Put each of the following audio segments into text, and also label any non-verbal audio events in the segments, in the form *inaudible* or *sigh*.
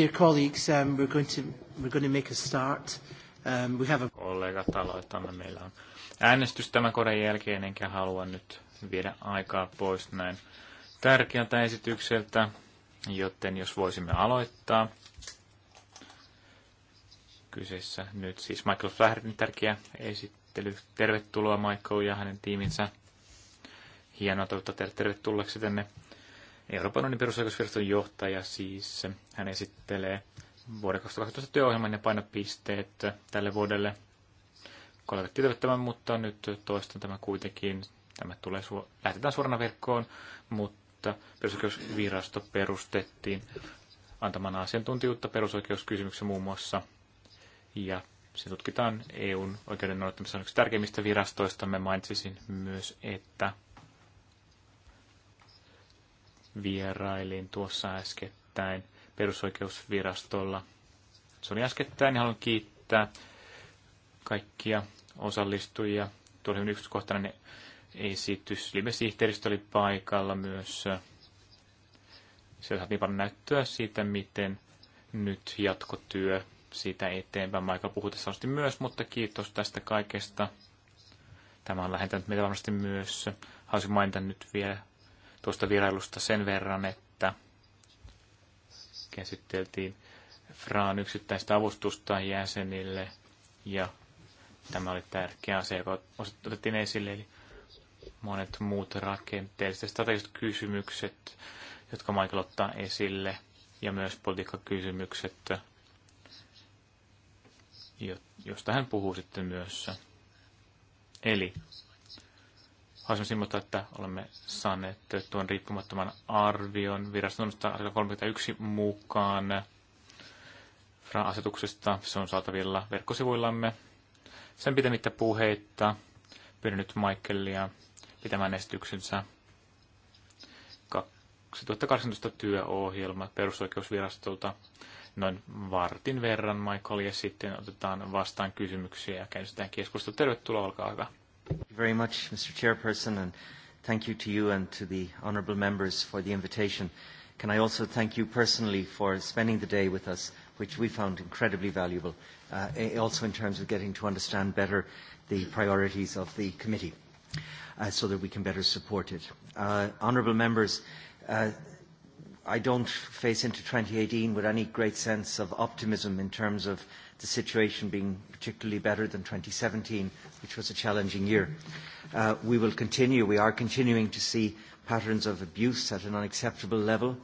Dear colleagues, um, we're, going to, we're going to make a start. Um, we have a... Kollegat, aloittamme. Meillä on äänestys tämän koden jälkeen, enkä halua nyt viedä aikaa pois näin tärkeältä esitykseltä, joten jos voisimme aloittaa. Kyseessä nyt siis Michael Flahertin tärkeä esittely. Tervetuloa Michael ja hänen tiiminsä. Hienoa toivottaa teille tervetulleeksi tänne Euroopan unionin perusoikeusviraston johtaja siis. Hän esittelee vuoden 2012 työohjelman ja painopisteet tälle vuodelle. Kollegat tietävät tämän, mutta nyt toistan tämän kuitenkin. Tämä tulee su- lähetetään suorana verkkoon, mutta perusoikeusvirasto perustettiin antamaan asiantuntijuutta perusoikeuskysymyksessä muun muassa. Ja se tutkitaan EUn oikeuden noudattamisen yksi tärkeimmistä virastoista. Me mainitsisin myös, että Vierailin tuossa äskettäin perusoikeusvirastolla. Se oli äskettäin ja niin haluan kiittää kaikkia osallistujia. Tuo oli yksityiskohtainen esitys. Live-sihteeristö oli paikalla myös. Siellä saatiin paljon näyttöä siitä, miten nyt jatkotyö siitä eteenpäin. Michael puhui tässä myös, mutta kiitos tästä kaikesta. Tämä on lähentänyt meitä varmasti myös. Haluaisin mainita nyt vielä Tuosta virailusta sen verran, että käsitteltiin Fraan yksittäistä avustusta jäsenille ja tämä oli tärkeä asia, joka otettiin esille, eli monet muut rakenteelliset strategiset kysymykset, jotka Michael ottaa esille, ja myös politiikkakysymykset, josta hän puhuu sitten myös. Eli Haluaisin ilmoittaa, että olemme saaneet tuon riippumattoman arvion viraston artikla 31 mukaan FRA-asetuksesta. Se on saatavilla verkkosivuillamme. Sen pitämättä puheitta pyydän nyt Michaelia pitämään esityksensä 2018 työohjelma perusoikeusvirastolta noin vartin verran Michael ja sitten otetaan vastaan kysymyksiä ja käynnistetään keskustelua. Tervetuloa, olkaa hyvä. Thank you very much, Mr. Chairperson, and thank you to you and to the honourable members for the invitation. Can I also thank you personally for spending the day with us, which we found incredibly valuable, uh, eh, also in terms of getting to understand better the priorities of the committee uh, so that we can better support it. Uh, honourable members, uh, I don't face into 2018 with any great sense of optimism in terms of the situation being particularly better than 2017 which was a challenging year. Uh, we will continue, we are continuing to see patterns of abuse at an unacceptable level,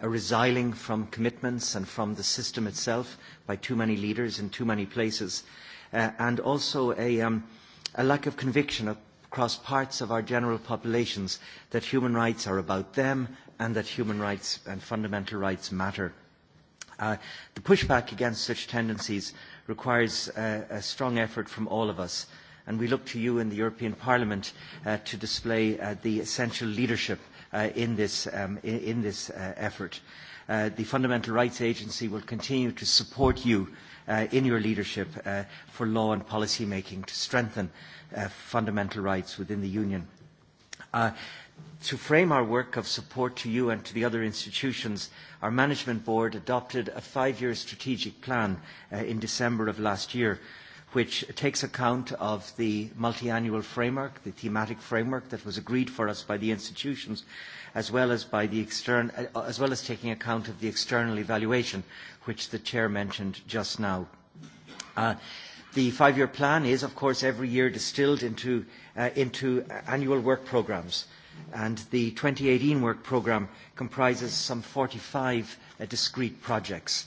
a uh, resiling from commitments and from the system itself by too many leaders in too many places, uh, and also a, um, a lack of conviction across parts of our general populations that human rights are about them and that human rights and fundamental rights matter. Uh, the pushback against such tendencies requires uh, a strong effort from all of us and we look to you in the European Parliament uh, to display uh, the essential leadership uh, in this, um, in, in this uh, effort. Uh, the Fundamental Rights Agency will continue to support you uh, in your leadership uh, for law and policy making to strengthen uh, fundamental rights within the Union. Uh, to frame our work of support to you and to the other institutions, our management board adopted a five-year strategic plan uh, in December of last year, which takes account of the multiannual framework, the thematic framework that was agreed for us by the institutions, as well as, by the extern, uh, as, well as taking account of the external evaluation, which the Chair mentioned just now. Uh, the five-year plan is, of course, every year distilled into, uh, into annual work programmes. And the 2018 work programme comprises some 45 uh, discrete projects.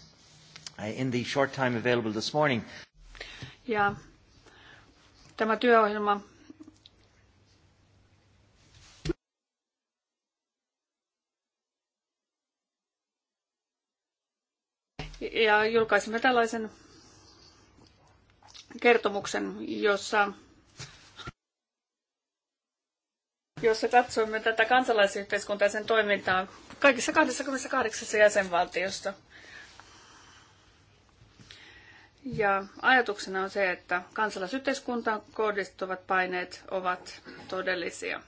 Uh, in the short time available this morning, ja tämä työohjelma ja julkaisimme tällaisen kertomuksen, jossa, jossa katsoimme tätä kansalaisyhteiskuntaisen toimintaa kaikissa 28 jäsenvaltiosta. Ja ajatuksena on se, että kansalaisyhteiskuntaan kohdistuvat paineet ovat todellisia.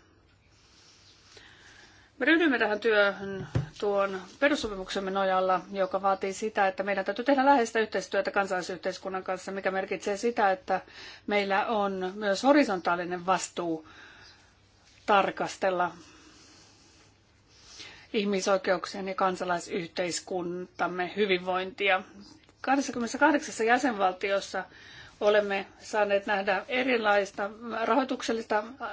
Me ryhdymme tähän työhön tuon perussopimuksemme nojalla, joka vaatii sitä, että meidän täytyy tehdä läheistä yhteistyötä kansalaisyhteiskunnan kanssa, mikä merkitsee sitä, että meillä on myös horisontaalinen vastuu tarkastella ihmisoikeuksien ja kansalaisyhteiskuntamme hyvinvointia 28 jäsenvaltiossa olemme saaneet nähdä erilaista rahoituksellista äh,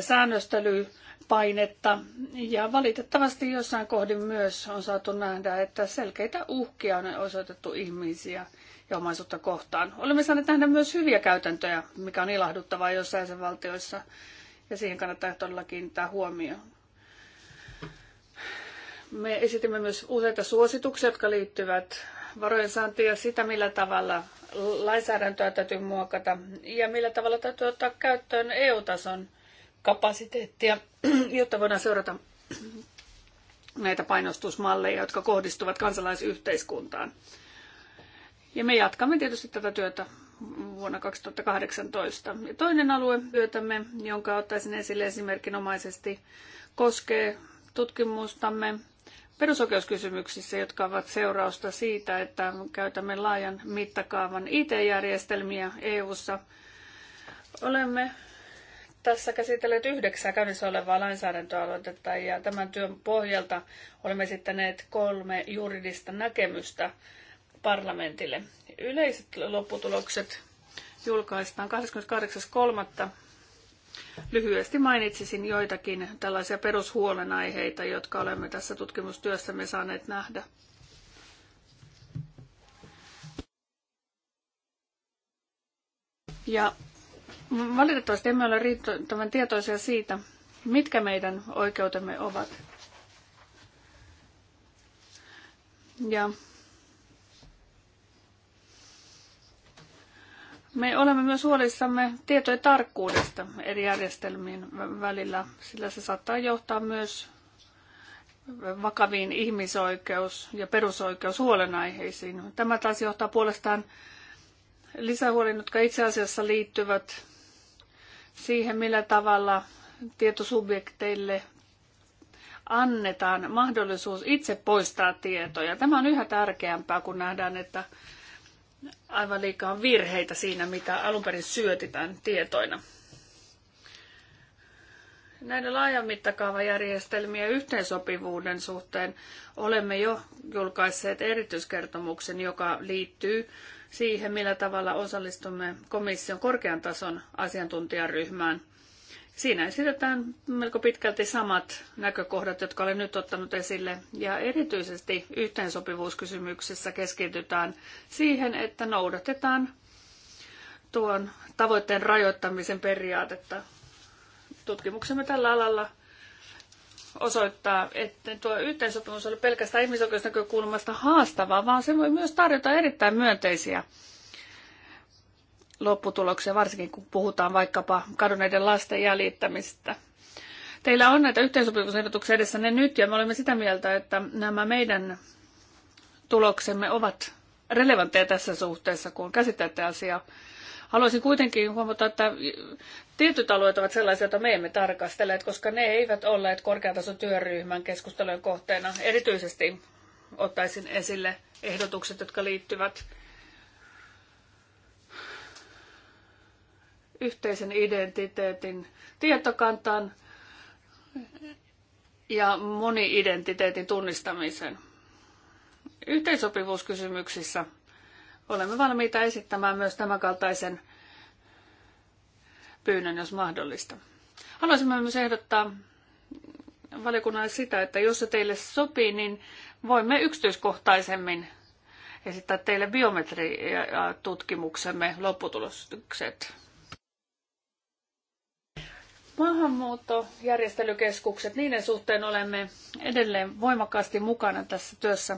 säännöstelypainetta ja valitettavasti jossain kohdin myös on saatu nähdä, että selkeitä uhkia on osoitettu ihmisiä ja omaisuutta kohtaan. Olemme saaneet nähdä myös hyviä käytäntöjä, mikä on ilahduttavaa jossain sen valtioissa ja siihen kannattaa todella kiinnittää huomioon. Me esitimme myös useita suosituksia, jotka liittyvät varojen saantia ja sitä, millä tavalla lainsäädäntöä täytyy muokata ja millä tavalla täytyy ottaa käyttöön EU-tason kapasiteettia, jotta voidaan seurata näitä painostusmalleja, jotka kohdistuvat kansalaisyhteiskuntaan. Ja me jatkamme tietysti tätä työtä vuonna 2018. Ja toinen alue työtämme, jonka ottaisin esille esimerkinomaisesti, koskee tutkimustamme perusoikeuskysymyksissä, jotka ovat seurausta siitä, että käytämme laajan mittakaavan IT-järjestelmiä EU:ssa. Olemme tässä käsitelleet yhdeksää käynnissä olevaa lainsäädäntöaloitetta ja tämän työn pohjalta olemme esittäneet kolme juridista näkemystä parlamentille. Yleiset lopputulokset julkaistaan 28.3. Lyhyesti mainitsisin joitakin tällaisia perushuolenaiheita, jotka olemme tässä tutkimustyössämme saaneet nähdä. Ja valitettavasti emme ole riittävän tietoisia siitä, mitkä meidän oikeutemme ovat. Ja Me olemme myös huolissamme tietojen tarkkuudesta eri järjestelmien välillä, sillä se saattaa johtaa myös vakaviin ihmisoikeus- ja perusoikeushuolenaiheisiin. Tämä taas johtaa puolestaan lisähuoliin, jotka itse asiassa liittyvät siihen, millä tavalla tietosubjekteille annetaan mahdollisuus itse poistaa tietoja. Tämä on yhä tärkeämpää, kun nähdään, että aivan liikaa virheitä siinä, mitä alun perin syötitään tietoina. Näiden laajan mittakaavajärjestelmien yhteensopivuuden suhteen olemme jo julkaisseet erityiskertomuksen, joka liittyy siihen, millä tavalla osallistumme komission korkean tason asiantuntijaryhmään Siinä esitetään melko pitkälti samat näkökohdat, jotka olen nyt ottanut esille, ja erityisesti yhteensopivuuskysymyksessä keskitytään siihen, että noudatetaan tuon tavoitteen rajoittamisen periaatetta. Tutkimuksemme tällä alalla osoittaa, että tuo yhteensopimus oli pelkästään ihmisoikeusnäkökulmasta haastavaa, vaan se voi myös tarjota erittäin myönteisiä lopputuloksia, varsinkin kun puhutaan vaikkapa kadonneiden lasten jäljittämistä. Teillä on näitä yhteensopivuusehdotuksia edessänne nyt, ja me olemme sitä mieltä, että nämä meidän tuloksemme ovat relevantteja tässä suhteessa, kun käsittelette asiaa. Haluaisin kuitenkin huomata, että tietyt alueet ovat sellaisia, joita me emme tarkastelleet, koska ne eivät olleet korkeatason työryhmän keskustelujen kohteena. Erityisesti ottaisin esille ehdotukset, jotka liittyvät yhteisen identiteetin tietokantaan ja moni-identiteetin tunnistamiseen. Yhteensopivuuskysymyksissä olemme valmiita esittämään myös tämänkaltaisen pyynnön, jos mahdollista. Haluaisimme myös ehdottaa valiokunnalle sitä, että jos se teille sopii, niin voimme yksityiskohtaisemmin esittää teille biometriatutkimuksemme lopputulokset. Maahanmuuttojärjestelykeskukset, niiden suhteen olemme edelleen voimakkaasti mukana tässä työssä,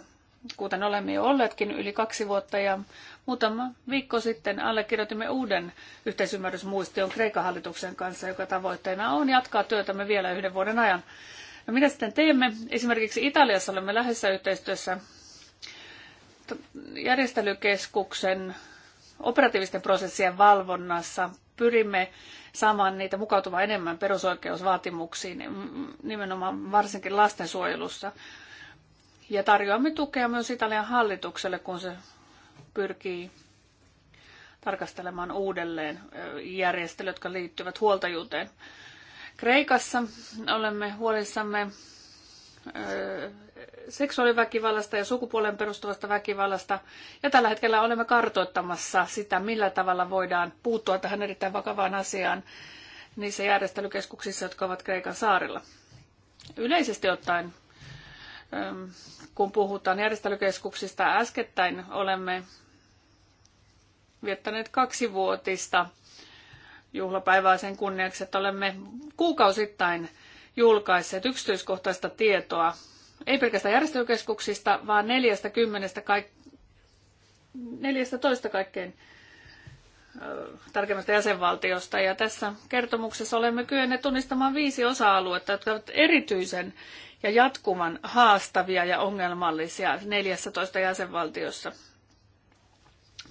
kuten olemme jo olleetkin yli kaksi vuotta ja muutama viikko sitten allekirjoitimme uuden yhteisymmärrysmuistion Kreikan hallituksen kanssa, joka tavoitteena on jatkaa työtämme vielä yhden vuoden ajan. No mitä sitten teemme? Esimerkiksi Italiassa olemme lähessä yhteistyössä järjestelykeskuksen operatiivisten prosessien valvonnassa pyrimme saamaan niitä mukautumaan enemmän perusoikeusvaatimuksiin, mm, nimenomaan varsinkin lastensuojelussa. Ja tarjoamme tukea myös Italian hallitukselle, kun se pyrkii tarkastelemaan uudelleen järjestelyt, jotka liittyvät huoltajuuteen. Kreikassa olemme huolissamme seksuaaliväkivallasta ja sukupuolen perustuvasta väkivallasta. Ja tällä hetkellä olemme kartoittamassa sitä, millä tavalla voidaan puuttua tähän erittäin vakavaan asiaan niissä järjestelykeskuksissa, jotka ovat Kreikan saarilla. Yleisesti ottaen, kun puhutaan järjestelykeskuksista, äskettäin olemme viettäneet kaksivuotista juhlapäivää sen kunniaksi, että olemme kuukausittain – julkaisseet yksityiskohtaista tietoa, ei pelkästään järjestelykeskuksista, vaan 40 kaik- 14 kaikkein tarkemmasta jäsenvaltiosta. Ja tässä kertomuksessa olemme kyenneet tunnistamaan viisi osa-aluetta, jotka ovat erityisen ja jatkuvan haastavia ja ongelmallisia 14 jäsenvaltiossa,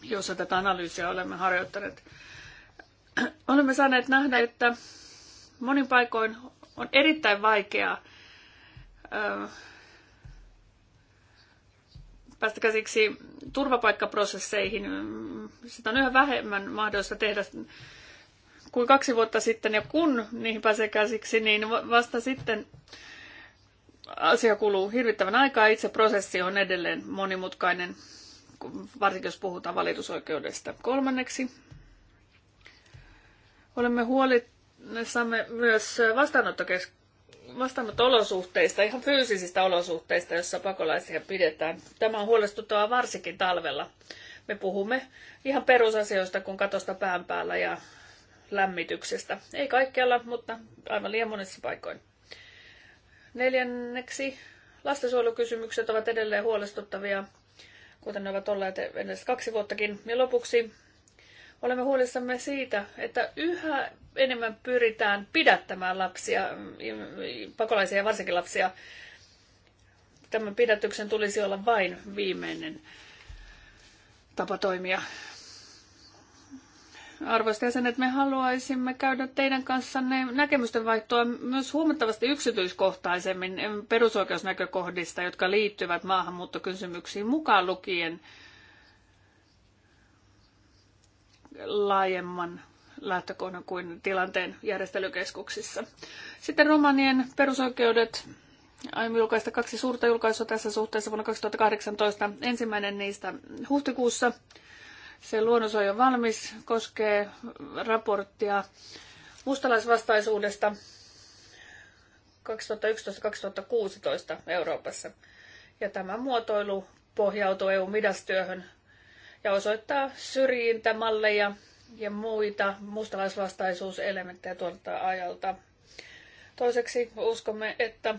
jossa tätä analyysiä olemme harjoittaneet. Olemme saaneet nähdä, että monin paikoin on erittäin vaikeaa ö, päästä käsiksi turvapaikkaprosesseihin. Sitä on yhä vähemmän mahdollista tehdä kuin kaksi vuotta sitten, ja kun niihin pääsee käsiksi, niin vasta sitten asia kuluu hirvittävän aikaa. Itse prosessi on edelleen monimutkainen, varsinkin jos puhutaan valitusoikeudesta. Kolmanneksi olemme huolit saamme myös vastaanottokes- vastaanotto-olosuhteista, ihan fyysisistä olosuhteista, joissa pakolaisia pidetään. Tämä on huolestuttavaa varsinkin talvella. Me puhumme ihan perusasioista, kun katosta pään päällä ja lämmityksestä. Ei kaikkialla, mutta aivan liian monissa paikoin. Neljänneksi lastensuojelukysymykset ovat edelleen huolestuttavia, kuten ne ovat olleet edes kaksi vuottakin. Ja lopuksi olemme huolissamme siitä, että yhä enemmän pyritään pidättämään lapsia, mm, pakolaisia ja varsinkin lapsia. Tämän pidätyksen tulisi olla vain viimeinen tapa toimia. Arvoisat jäsenet, me haluaisimme käydä teidän kanssanne näkemysten vaihtoa myös huomattavasti yksityiskohtaisemmin perusoikeusnäkökohdista, jotka liittyvät maahanmuuttokysymyksiin mukaan lukien laajemman lähtökohdan kuin tilanteen järjestelykeskuksissa. Sitten romanien perusoikeudet. Aion julkaista kaksi suurta julkaisua tässä suhteessa vuonna 2018. Ensimmäinen niistä huhtikuussa. Se luonnos on jo valmis, koskee raporttia mustalaisvastaisuudesta 2011-2016 Euroopassa. Ja tämä muotoilu pohjautuu EU-midastyöhön ja osoittaa syrjintämalleja ja muita mustalaisvastaisuuselementtejä tuolta ajalta. Toiseksi uskomme, että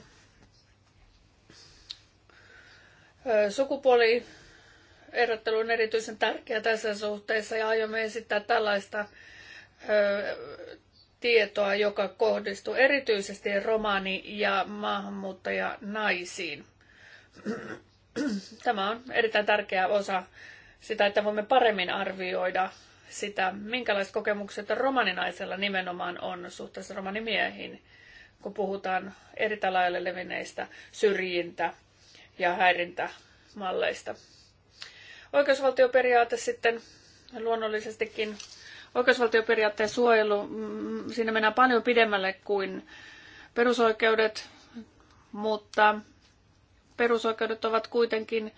sukupuoli erottelu on erityisen tärkeä tässä suhteessa ja aiomme esittää tällaista tietoa, joka kohdistuu erityisesti romaani- ja maahanmuuttajanaisiin. *clears throat* Tämä on erittäin tärkeä osa sitä, että voimme paremmin arvioida sitä, minkälaiset kokemukset romaninaisella nimenomaan on suhteessa romanimiehiin, kun puhutaan eri lailla levinneistä syrjintä- ja häirintämalleista. Oikeusvaltioperiaate sitten luonnollisestikin oikeusvaltioperiaatteen suojelu, mm, siinä mennään paljon pidemmälle kuin perusoikeudet, mutta perusoikeudet ovat kuitenkin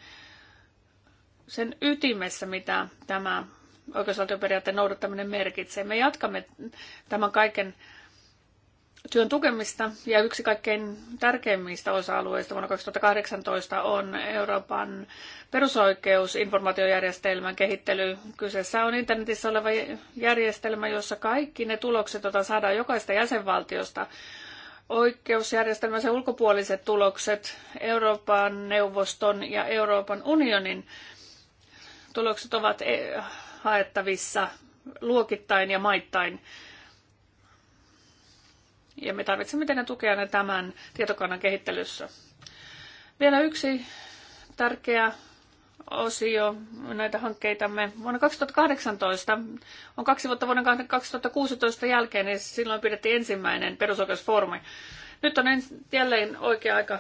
sen ytimessä, mitä tämä oikeusvaltioperiaatteen noudattaminen merkitsee. Me jatkamme tämän kaiken työn tukemista ja yksi kaikkein tärkeimmistä osa-alueista vuonna 2018 on Euroopan perusoikeusinformaatiojärjestelmän kehittely. Kyseessä on internetissä oleva järjestelmä, jossa kaikki ne tulokset, joita saadaan jokaista jäsenvaltiosta, oikeusjärjestelmässä ulkopuoliset tulokset Euroopan neuvoston ja Euroopan unionin Tulokset ovat eh, haettavissa luokittain ja maittain. Ja me tarvitsemme teidän tukeanne tämän tietokannan kehittelyssä. Vielä yksi tärkeä osio näitä hankkeitamme. Vuonna 2018 on kaksi vuotta vuoden 2016 jälkeen, niin silloin pidettiin ensimmäinen perusoikeusfoorumi. Nyt on jälleen oikea aika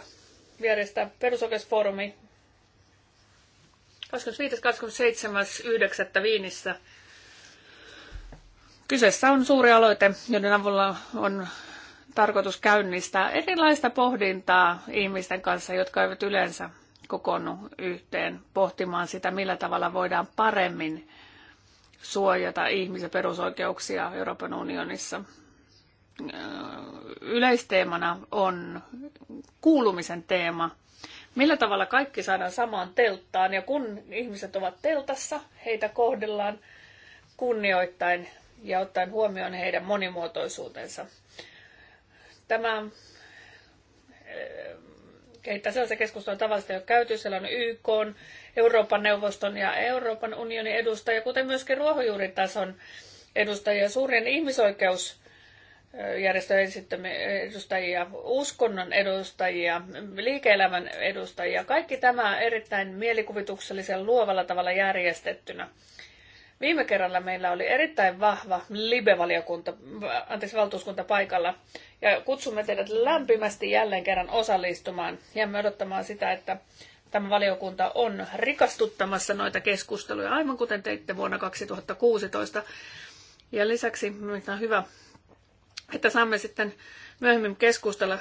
järjestää perusoikeusfoorumi 25.27.9. Viinissä. Kyseessä on suuri aloite, joiden avulla on tarkoitus käynnistää erilaista pohdintaa ihmisten kanssa, jotka eivät yleensä kokoonnu yhteen pohtimaan sitä, millä tavalla voidaan paremmin suojata ihmisen perusoikeuksia Euroopan unionissa. Yleisteemana on kuulumisen teema, millä tavalla kaikki saadaan samaan telttaan ja kun ihmiset ovat teltassa, heitä kohdellaan kunnioittain ja ottaen huomioon heidän monimuotoisuutensa. Tämä kehittää sellaista keskustelua tavallista jo käyty. Siellä on YK, Euroopan neuvoston ja Euroopan unionin edustajia, kuten myöskin ruohonjuuritason edustajia. Suurin ihmisoikeus järjestöjen edustajia, uskonnon edustajia, liike-elämän edustajia. Kaikki tämä erittäin mielikuvituksellisen luovalla tavalla järjestettynä. Viime kerralla meillä oli erittäin vahva libevaliokunta, anteeksi, valtuuskunta paikalla. Ja kutsumme teidät lämpimästi jälleen kerran osallistumaan. me odottamaan sitä, että tämä valiokunta on rikastuttamassa noita keskusteluja, aivan kuten teitte vuonna 2016. Ja lisäksi on hyvä että saamme sitten myöhemmin keskustella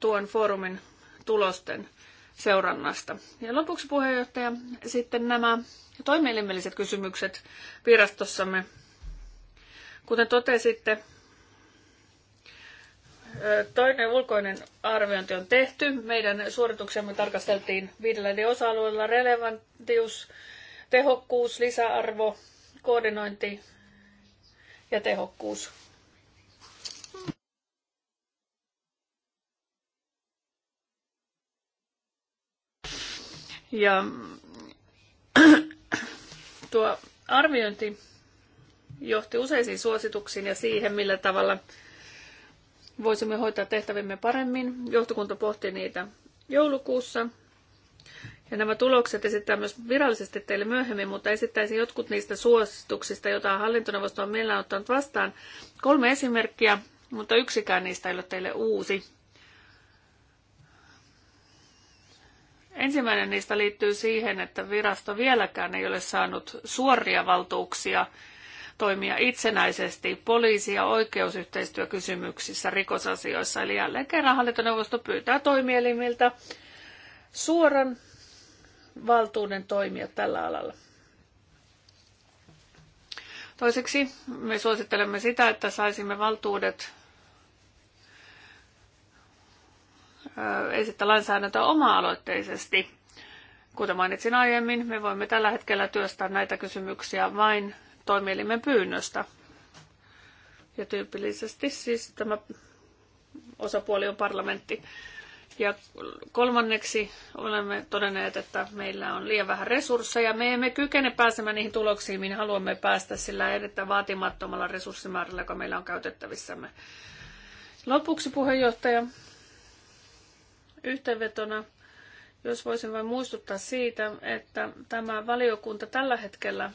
tuon foorumin tulosten seurannasta. Ja lopuksi puheenjohtaja, sitten nämä toimielimelliset kysymykset virastossamme. Kuten totesitte, toinen ulkoinen arviointi on tehty. Meidän suorituksemme tarkasteltiin viidellä eri osa-alueella relevantius, tehokkuus, lisäarvo, koordinointi ja tehokkuus. Ja *clears throat* tuo arviointi johti useisiin suosituksiin ja siihen, millä tavalla voisimme hoitaa tehtävimme paremmin. Johtokunta pohti niitä joulukuussa. Ja nämä tulokset esittää myös virallisesti teille myöhemmin, mutta esittäisin jotkut niistä suosituksista, joita hallintoneuvosto on mielellään ottanut vastaan. Kolme esimerkkiä, mutta yksikään niistä ei ole teille uusi. Ensimmäinen niistä liittyy siihen, että virasto vieläkään ei ole saanut suoria valtuuksia toimia itsenäisesti poliisi- ja oikeusyhteistyökysymyksissä rikosasioissa. Eli jälleen kerran hallintoneuvosto pyytää toimielimiltä suoran valtuuden toimia tällä alalla. Toiseksi me suosittelemme sitä, että saisimme valtuudet esittää lainsäädäntöä oma-aloitteisesti. Kuten mainitsin aiemmin, me voimme tällä hetkellä työstää näitä kysymyksiä vain toimielimen pyynnöstä. Ja tyypillisesti siis tämä osapuoli on parlamentti. Ja kolmanneksi olemme todenneet, että meillä on liian vähän resursseja. Me emme kykene pääsemään niihin tuloksiin, mihin haluamme päästä sillä erittäin vaatimattomalla resurssimäärällä, joka meillä on käytettävissämme. Lopuksi puheenjohtaja, Yhteenvetona, jos voisin vain muistuttaa siitä, että tämä valiokunta tällä hetkellä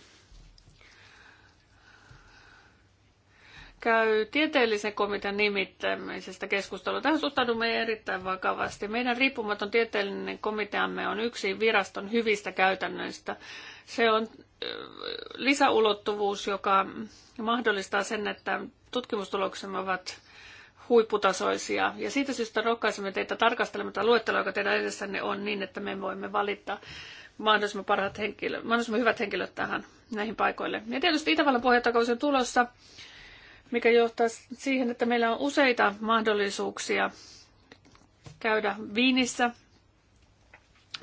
käy tieteellisen komitean nimittämisestä keskustelua. Tähän suhtaudumme erittäin vakavasti. Meidän riippumaton tieteellinen komiteamme on yksi viraston hyvistä käytännöistä. Se on lisäulottuvuus, joka mahdollistaa sen, että tutkimustuloksemme ovat huipputasoisia. Ja siitä syystä rohkaisemme teitä tarkastelemaan tätä luetteloa, joka teidän edessänne on, niin että me voimme valita mahdollisimman, parhaat henkilöt, mahdollisimman hyvät henkilöt tähän näihin paikoille. Ja tietysti Itävallan pohjattakausi on tulossa, mikä johtaa siihen, että meillä on useita mahdollisuuksia käydä Viinissä.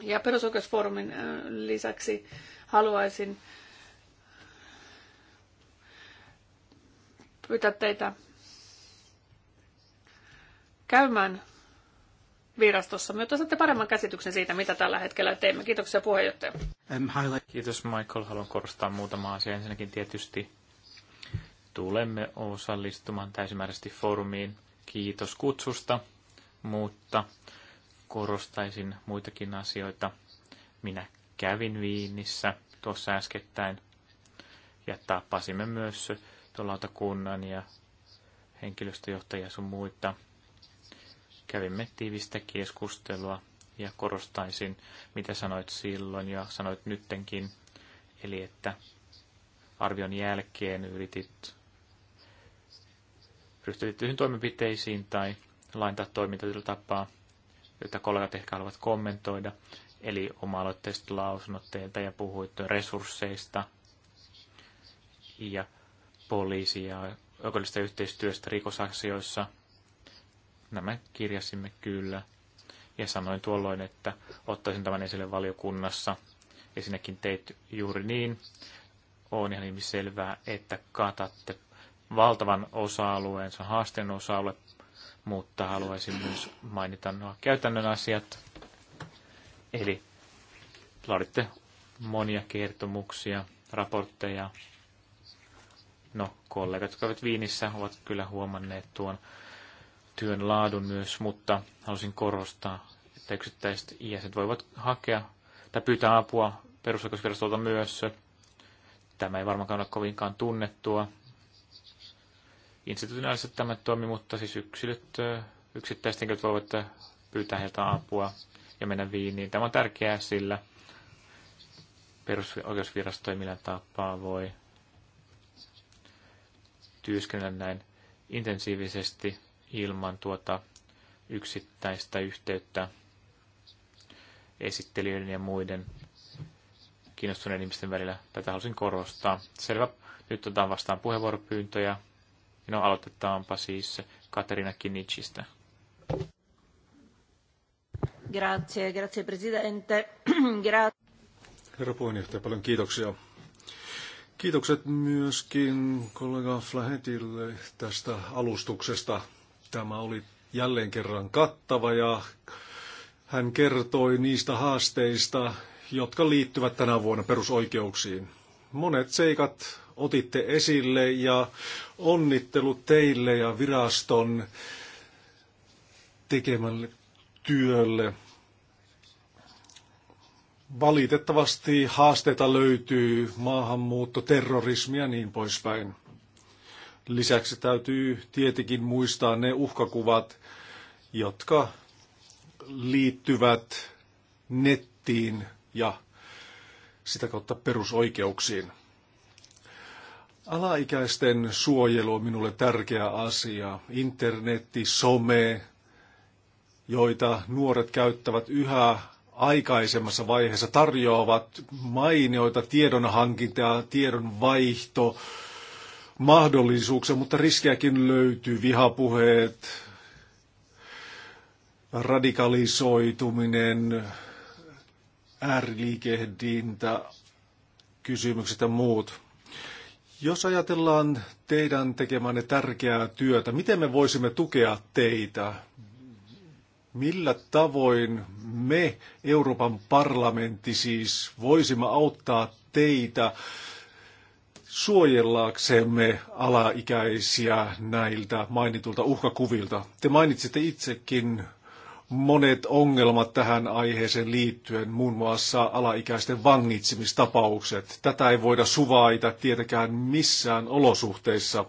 Ja perusoikeusfoorumin lisäksi haluaisin pyytää teitä käymään virastossa, jotta saatte paremman käsityksen siitä, mitä tällä hetkellä teemme. Kiitoksia puheenjohtaja. Kiitos Michael. Haluan korostaa muutama asia. Ensinnäkin tietysti tulemme osallistumaan täysimääräisesti foorumiin. Kiitos kutsusta, mutta korostaisin muitakin asioita. Minä kävin Viinissä tuossa äskettäin ja tapasimme myös tuolla kunnan ja henkilöstöjohtajia sun muita Kävimme tiivistä keskustelua ja korostaisin, mitä sanoit silloin ja sanoit nyttenkin. Eli että arvion jälkeen yritit ryhtyä tiettyihin toimenpiteisiin tai laintaa toimintaa tapaa, jota kollegat ehkä haluavat kommentoida. Eli oma-aloitteiset lausunnot teiltä ja puhuit resursseista ja poliisia, oikeudellisesta yhteistyöstä rikosasioissa – Nämä kirjasimme kyllä. Ja sanoin tuolloin, että ottaisin tämän esille valiokunnassa. Ja teit juuri niin. On ihan selvää, että katatte valtavan osa-alueen, se on haasteen osa-alue, mutta haluaisin myös mainita nuo käytännön asiat. Eli laaditte monia kertomuksia, raportteja. No, kollegat, jotka ovat Viinissä, ovat kyllä huomanneet tuon työn laadun myös, mutta halusin korostaa, että yksittäiset jäsenet voivat hakea tai pyytää apua perusoikeusvirastolta myös. Tämä ei varmaankaan ole kovinkaan tunnettua. Institutionaalisesti tämä toimii, mutta siis yksilöt, yksittäiset henkilöt voivat pyytää heiltä apua ja mennä viiniin. Tämä on tärkeää, sillä perusoikeusvirasto ei millään tapaa voi työskennellä näin intensiivisesti ilman tuota yksittäistä yhteyttä esittelijöiden ja muiden kiinnostuneiden ihmisten välillä. Tätä halusin korostaa. Selvä. Nyt otetaan vastaan puheenvuoropyyntöjä. No aloitetaanpa siis Katerina Kinitsistä. Grazie, grazie presidente. *clears throat* Herra puheenjohtaja, paljon kiitoksia. Kiitokset myöskin kollega Flahetille tästä alustuksesta. Tämä oli jälleen kerran kattava ja hän kertoi niistä haasteista, jotka liittyvät tänä vuonna perusoikeuksiin. Monet seikat otitte esille ja onnittelut teille ja viraston tekemälle työlle. Valitettavasti haasteita löytyy, maahanmuutto, terrorismi ja niin poispäin. Lisäksi täytyy tietenkin muistaa ne uhkakuvat, jotka liittyvät nettiin ja sitä kautta perusoikeuksiin. Alaikäisten suojelu on minulle tärkeä asia. Internetti, some, joita nuoret käyttävät yhä aikaisemmassa vaiheessa, tarjoavat mainioita tiedonhankintaa, tiedonvaihto, mahdollisuuksia, mutta riskiäkin löytyy. Vihapuheet, radikalisoituminen, ääriliikehdintä, kysymykset ja muut. Jos ajatellaan teidän tekemänne tärkeää työtä, miten me voisimme tukea teitä? Millä tavoin me, Euroopan parlamentti siis, voisimme auttaa teitä suojellaaksemme alaikäisiä näiltä mainitulta uhkakuvilta. Te mainitsitte itsekin monet ongelmat tähän aiheeseen liittyen, muun muassa alaikäisten vangitsemistapaukset. Tätä ei voida suvaita tietenkään missään olosuhteissa.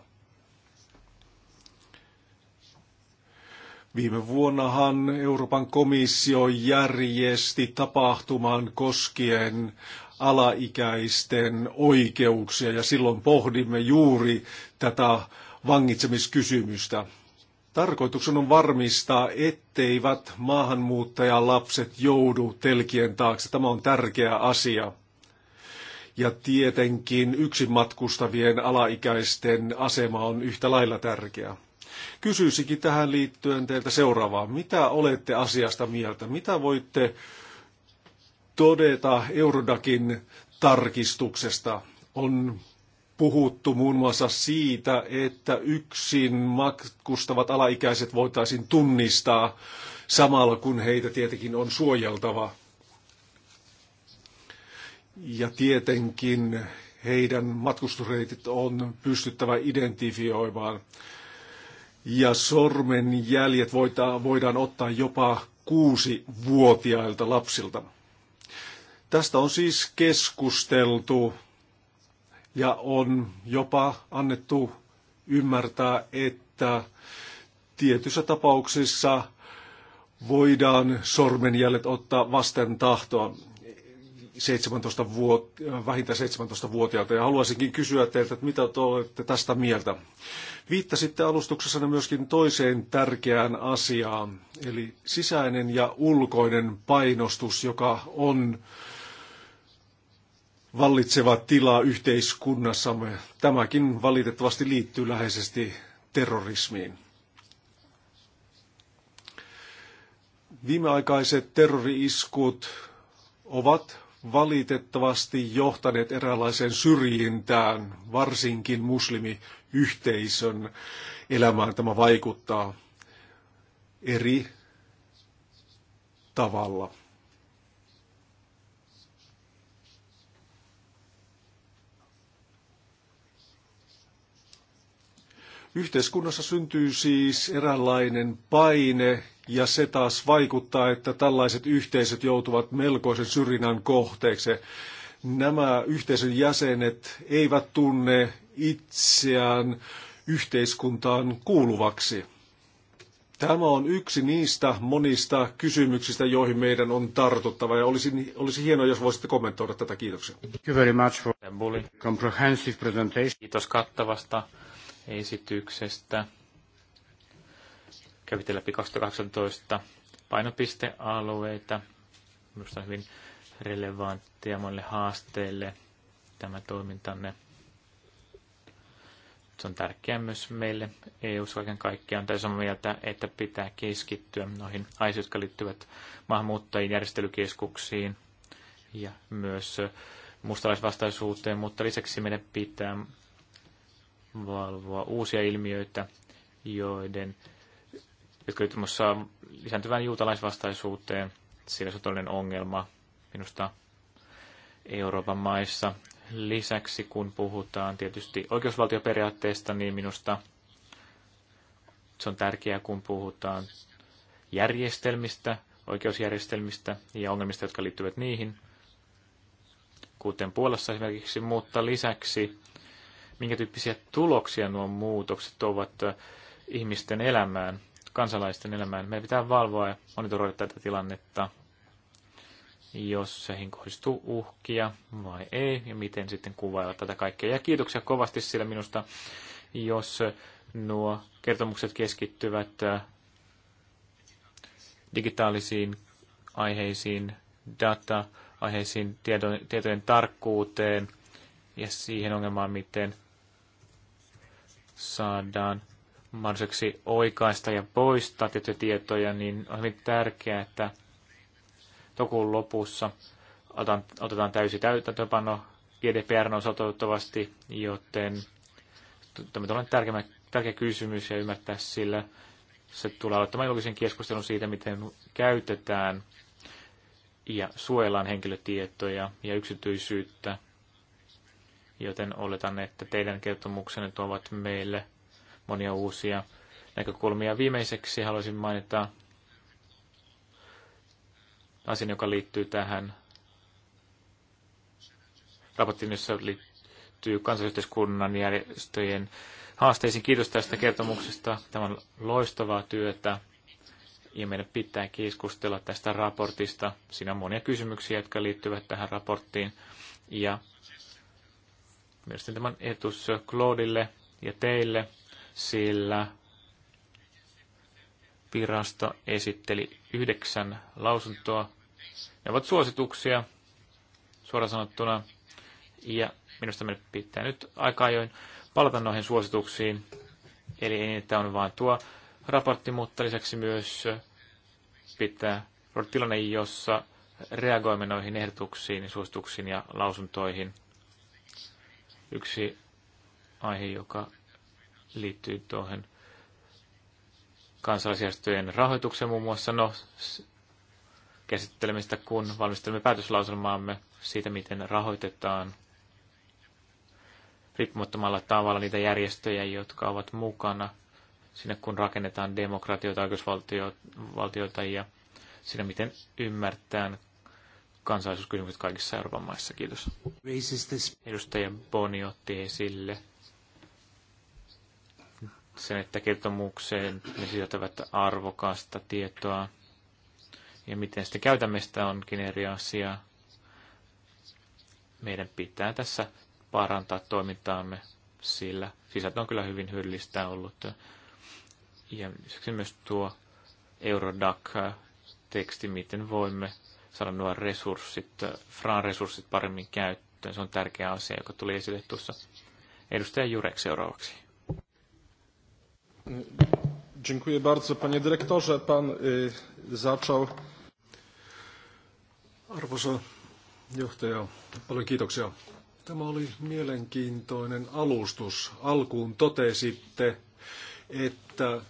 Viime vuonnahan Euroopan komissio järjesti tapahtuman koskien alaikäisten oikeuksia ja silloin pohdimme juuri tätä vangitsemiskysymystä. Tarkoituksena on varmistaa, etteivät maahanmuuttajalapset joudu telkien taakse. Tämä on tärkeä asia. Ja tietenkin yksin matkustavien alaikäisten asema on yhtä lailla tärkeä. Kysyisikin tähän liittyen teiltä seuraavaa. Mitä olette asiasta mieltä? Mitä voitte todeta Eurodakin tarkistuksesta. On puhuttu muun muassa siitä, että yksin matkustavat alaikäiset voitaisiin tunnistaa samalla, kun heitä tietenkin on suojeltava. Ja tietenkin heidän matkustusreitit on pystyttävä identifioimaan. Ja sormenjäljet voidaan ottaa jopa kuusi-vuotiailta lapsilta. Tästä on siis keskusteltu ja on jopa annettu ymmärtää, että tietyissä tapauksissa voidaan sormenjäljet ottaa vasten tahtoa 17 vuot- vähintään 17-vuotiaalta. Ja haluaisinkin kysyä teiltä, että mitä te olette tästä mieltä. Viittasitte alustuksessanne myöskin toiseen tärkeään asiaan, eli sisäinen ja ulkoinen painostus, joka on vallitseva tila yhteiskunnassamme. Tämäkin valitettavasti liittyy läheisesti terrorismiin. Viimeaikaiset terrori-iskut ovat valitettavasti johtaneet eräänlaiseen syrjintään, varsinkin muslimiyhteisön elämään tämä vaikuttaa eri tavalla. Yhteiskunnassa syntyy siis eräänlainen paine ja se taas vaikuttaa, että tällaiset yhteisöt joutuvat melkoisen syrjinnän kohteeksi. Nämä yhteisön jäsenet eivät tunne itseään yhteiskuntaan kuuluvaksi. Tämä on yksi niistä monista kysymyksistä, joihin meidän on tartuttava, ja olisi, olisi hienoa, jos voisitte kommentoida tätä. Kiitoksia. Kiitos kattavasta esityksestä. Kävitte läpi 2018 painopistealueita. Minusta on hyvin relevanttia monille haasteille tämä toimintanne. Se on tärkeää myös meille eu kaiken kaikkiaan. Tai samaa mieltä, että pitää keskittyä noihin aiheisiin, jotka liittyvät maahanmuuttajien järjestelykeskuksiin ja myös mustalaisvastaisuuteen, mutta lisäksi meidän pitää valvoa uusia ilmiöitä, joiden, jotka liittymässä lisääntyvään juutalaisvastaisuuteen. Sillä se on todellinen ongelma minusta Euroopan maissa. Lisäksi kun puhutaan tietysti oikeusvaltioperiaatteesta, niin minusta se on tärkeää, kun puhutaan järjestelmistä, oikeusjärjestelmistä ja ongelmista, jotka liittyvät niihin, kuten Puolassa esimerkiksi, mutta lisäksi minkä tyyppisiä tuloksia nuo muutokset ovat äh, ihmisten elämään, kansalaisten elämään. Meidän pitää valvoa ja monitoroida tätä tilannetta, jos seihin kohdistuu uhkia vai ei, ja miten sitten kuvailla tätä kaikkea. Ja kiitoksia kovasti, sillä minusta jos nuo kertomukset keskittyvät äh, digitaalisiin aiheisiin, data-aiheisiin, tietojen tarkkuuteen ja siihen ongelmaan, miten saadaan mahdolliseksi oikaista ja poistaa tiettyjä tietoja, niin on hyvin tärkeää, että tokuun lopussa otan, otetaan täysi täytäntöpano GDPR on toivottavasti, joten tämä on tärkeä, tärkeä kysymys ja ymmärtää sillä. Se tulee aloittamaan julkisen keskustelun siitä, miten käytetään ja suojellaan henkilötietoja ja yksityisyyttä joten oletan, että teidän kertomuksenne tuovat meille monia uusia näkökulmia. Viimeiseksi haluaisin mainita asian, joka liittyy tähän raporttiin, jossa liittyy kansallisyhteiskunnan järjestöjen haasteisiin. Kiitos tästä kertomuksesta. Tämä on loistavaa työtä ja meidän pitää keskustella tästä raportista. Siinä on monia kysymyksiä, jotka liittyvät tähän raporttiin ja Mielestäni tämä on etus Claudille ja teille, sillä virasto esitteli yhdeksän lausuntoa. Ne ovat suosituksia, suoraan sanottuna, ja minusta me pitää nyt aika ajoin palata noihin suosituksiin. Eli ei niin, että on vain tuo raportti, mutta lisäksi myös pitää olla tilanne, jossa reagoimme noihin ehdotuksiin, suosituksiin ja lausuntoihin – Yksi aihe, joka liittyy tuohon kansalaisjärjestöjen rahoitukseen muun muassa. No, sitä, kun valmistelemme päätöslauselmaamme siitä, miten rahoitetaan riippumattomalla tavalla niitä järjestöjä, jotka ovat mukana sinne, kun rakennetaan demokratioita, oikeusvaltioita ja siinä, miten ymmärtää kansalaisuuskysymykset kaikissa Euroopan maissa. Kiitos. Edustaja Boni otti esille sen, että kertomukseen ne sisältävät arvokasta tietoa. Ja miten sitä käytämme, sitä onkin eri asia. Meidän pitää tässä parantaa toimintaamme, sillä sisältö on kyllä hyvin hyllistä ollut. Ja lisäksi myös tuo Eurodac-teksti, miten voimme saada nuo resurssit, Fran resurssit paremmin käyttöön. Se on tärkeä asia, joka tuli esille tuossa. Edustaja Jurek seuraavaksi. Dziękuję bardzo, panie dyrektorze. Pan y, zaczął. Arvoisa johtaja, paljon kiitoksia. Tämä oli mielenkiintoinen alustus. Alkuun totesitte, että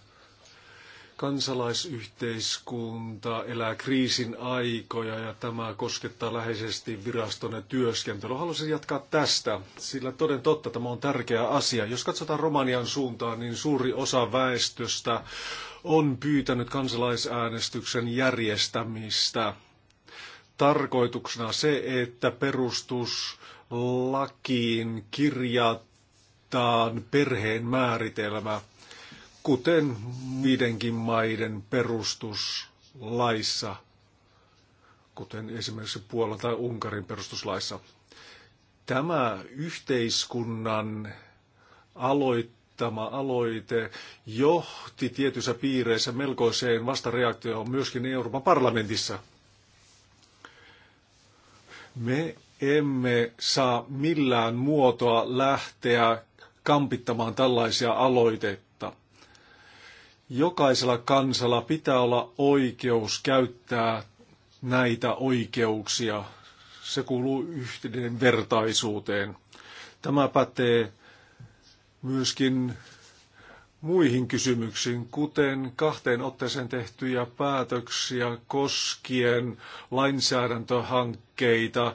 Kansalaisyhteiskunta elää kriisin aikoja ja tämä koskettaa läheisesti viraston ja työskentelyä. Haluaisin jatkaa tästä, sillä toden totta tämä on tärkeä asia. Jos katsotaan Romanian suuntaan, niin suuri osa väestöstä on pyytänyt kansalaisäänestyksen järjestämistä. Tarkoituksena se, että perustuslakiin kirjataan perheen määritelmä – kuten viidenkin maiden perustuslaissa, kuten esimerkiksi Puolan tai Unkarin perustuslaissa. Tämä yhteiskunnan aloittama aloite johti tietyissä piireissä melkoiseen vastareaktioon myöskin Euroopan parlamentissa. Me emme saa millään muotoa lähteä kampittamaan tällaisia aloitteita. Jokaisella kansalla pitää olla oikeus käyttää näitä oikeuksia. Se kuuluu yhdenvertaisuuteen. Tämä pätee myöskin muihin kysymyksiin, kuten kahteen otteeseen tehtyjä päätöksiä koskien lainsäädäntöhankkeita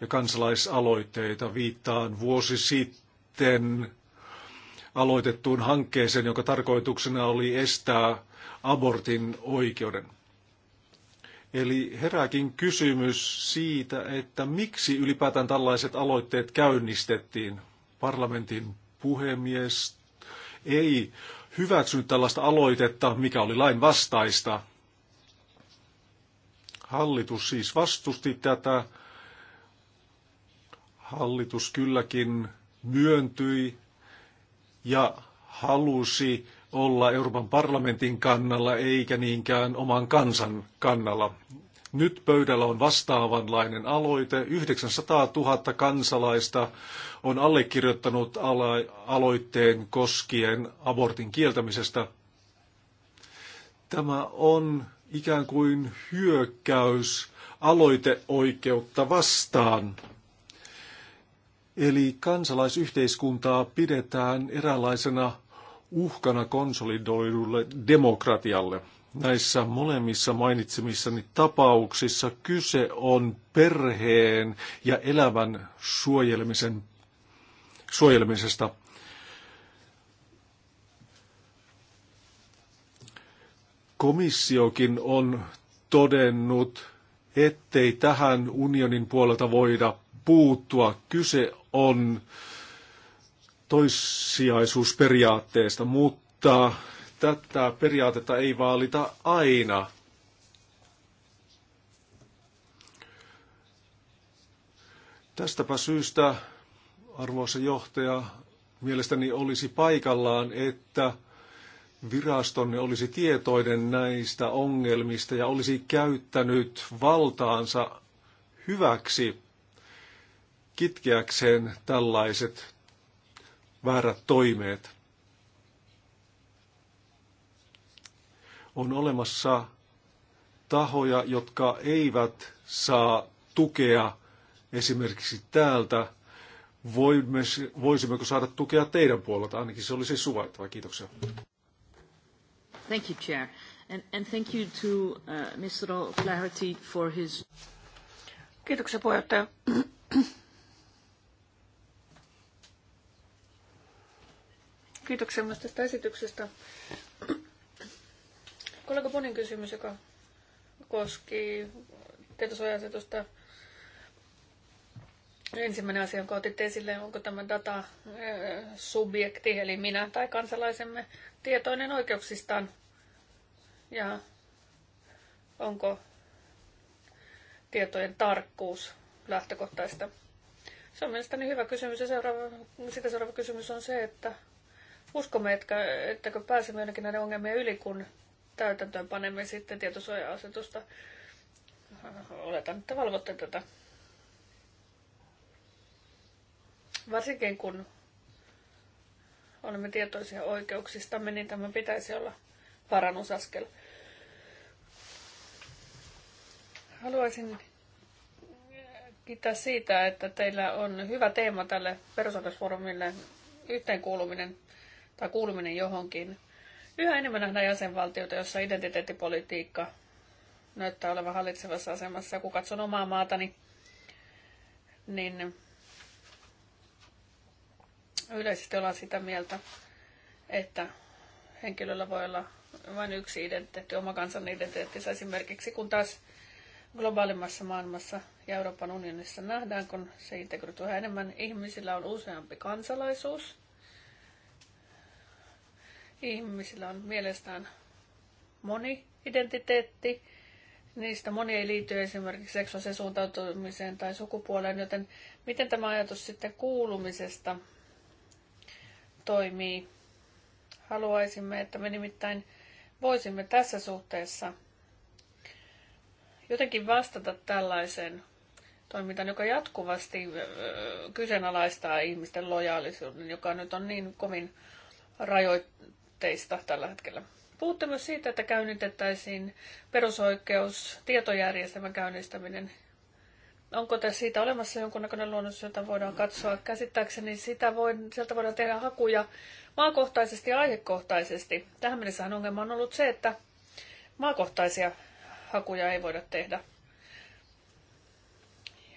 ja kansalaisaloitteita. Viittaan vuosi sitten aloitettuun hankkeeseen, jonka tarkoituksena oli estää abortin oikeuden. Eli herääkin kysymys siitä, että miksi ylipäätään tällaiset aloitteet käynnistettiin. Parlamentin puhemies ei hyväksynyt tällaista aloitetta, mikä oli lain vastaista. Hallitus siis vastusti tätä. Hallitus kylläkin myöntyi ja halusi olla Euroopan parlamentin kannalla eikä niinkään oman kansan kannalla. Nyt pöydällä on vastaavanlainen aloite. 900 000 kansalaista on allekirjoittanut aloitteen koskien abortin kieltämisestä. Tämä on ikään kuin hyökkäys aloiteoikeutta vastaan Eli kansalaisyhteiskuntaa pidetään eräänlaisena uhkana konsolidoidulle demokratialle. Näissä molemmissa mainitsemissani tapauksissa kyse on perheen ja elämän suojelemisen, suojelemisesta. Komissiokin on todennut, ettei tähän unionin puolelta voida puuttua. Kyse on toissijaisuusperiaatteesta, mutta tätä periaatetta ei vaalita aina. Tästäpä syystä, arvoisa johtaja, mielestäni olisi paikallaan, että virastonne olisi tietoinen näistä ongelmista ja olisi käyttänyt valtaansa hyväksi kitkeäkseen tällaiset väärät toimeet. On olemassa tahoja, jotka eivät saa tukea esimerkiksi täältä. Voimme, voisimmeko saada tukea teidän puolelta? Ainakin se olisi suvaittava. Kiitoksia. Thank you, Chair. And, and thank you to uh, Mr. for his... Kiitoksia puheenjohtaja. Kiitoksia myös tästä esityksestä. Kollega Bonin kysymys, joka koski tietosuoja Ensimmäinen asia, jonka otit esille, onko tämä data eh, subjekti, eli minä tai kansalaisemme, tietoinen oikeuksistaan ja onko tietojen tarkkuus lähtökohtaista. Se on mielestäni hyvä kysymys ja seuraava, sitä seuraava kysymys on se, että uskomme, että, että kun pääsemme jonnekin näiden ongelmien yli, kun täytäntöön panemme sitten tietosuoja-asetusta. Oletan, että valvotte tätä. Varsinkin kun olemme tietoisia oikeuksistamme, niin tämä pitäisi olla parannusaskel. Haluaisin kiittää siitä, että teillä on hyvä teema tälle perusoikeusfoorumille yhteenkuuluminen – tai kuuluminen johonkin. Yhä enemmän nähdään jäsenvaltioita, jossa identiteettipolitiikka näyttää olevan hallitsevassa asemassa. Ja kun katson omaa maatani, niin yleisesti ollaan sitä mieltä, että henkilöllä voi olla vain yksi identiteetti, oma kansan identiteetti esimerkiksi, kun taas globaalimmassa maailmassa ja Euroopan unionissa nähdään, kun se integroituu enemmän. Ihmisillä on useampi kansalaisuus, Ihmisillä on mielestään moni identiteetti. Niistä moni ei liity esimerkiksi seksuaaliseen suuntautumiseen tai sukupuoleen, joten miten tämä ajatus sitten kuulumisesta toimii? Haluaisimme, että me nimittäin voisimme tässä suhteessa jotenkin vastata tällaiseen toimintaan, joka jatkuvasti kyseenalaistaa ihmisten lojaalisuuden, joka nyt on niin kovin rajoittunut tavoitteista tällä hetkellä. Puhutte myös siitä, että käynnistettäisiin perusoikeus, tietojärjestelmän käynnistäminen. Onko tässä siitä olemassa jonkunnäköinen luonnos, jota voidaan katsoa? Käsittääkseni sitä voi, sieltä voidaan tehdä hakuja maakohtaisesti ja aihekohtaisesti. Tähän mennessä ongelma on ollut se, että maakohtaisia hakuja ei voida tehdä.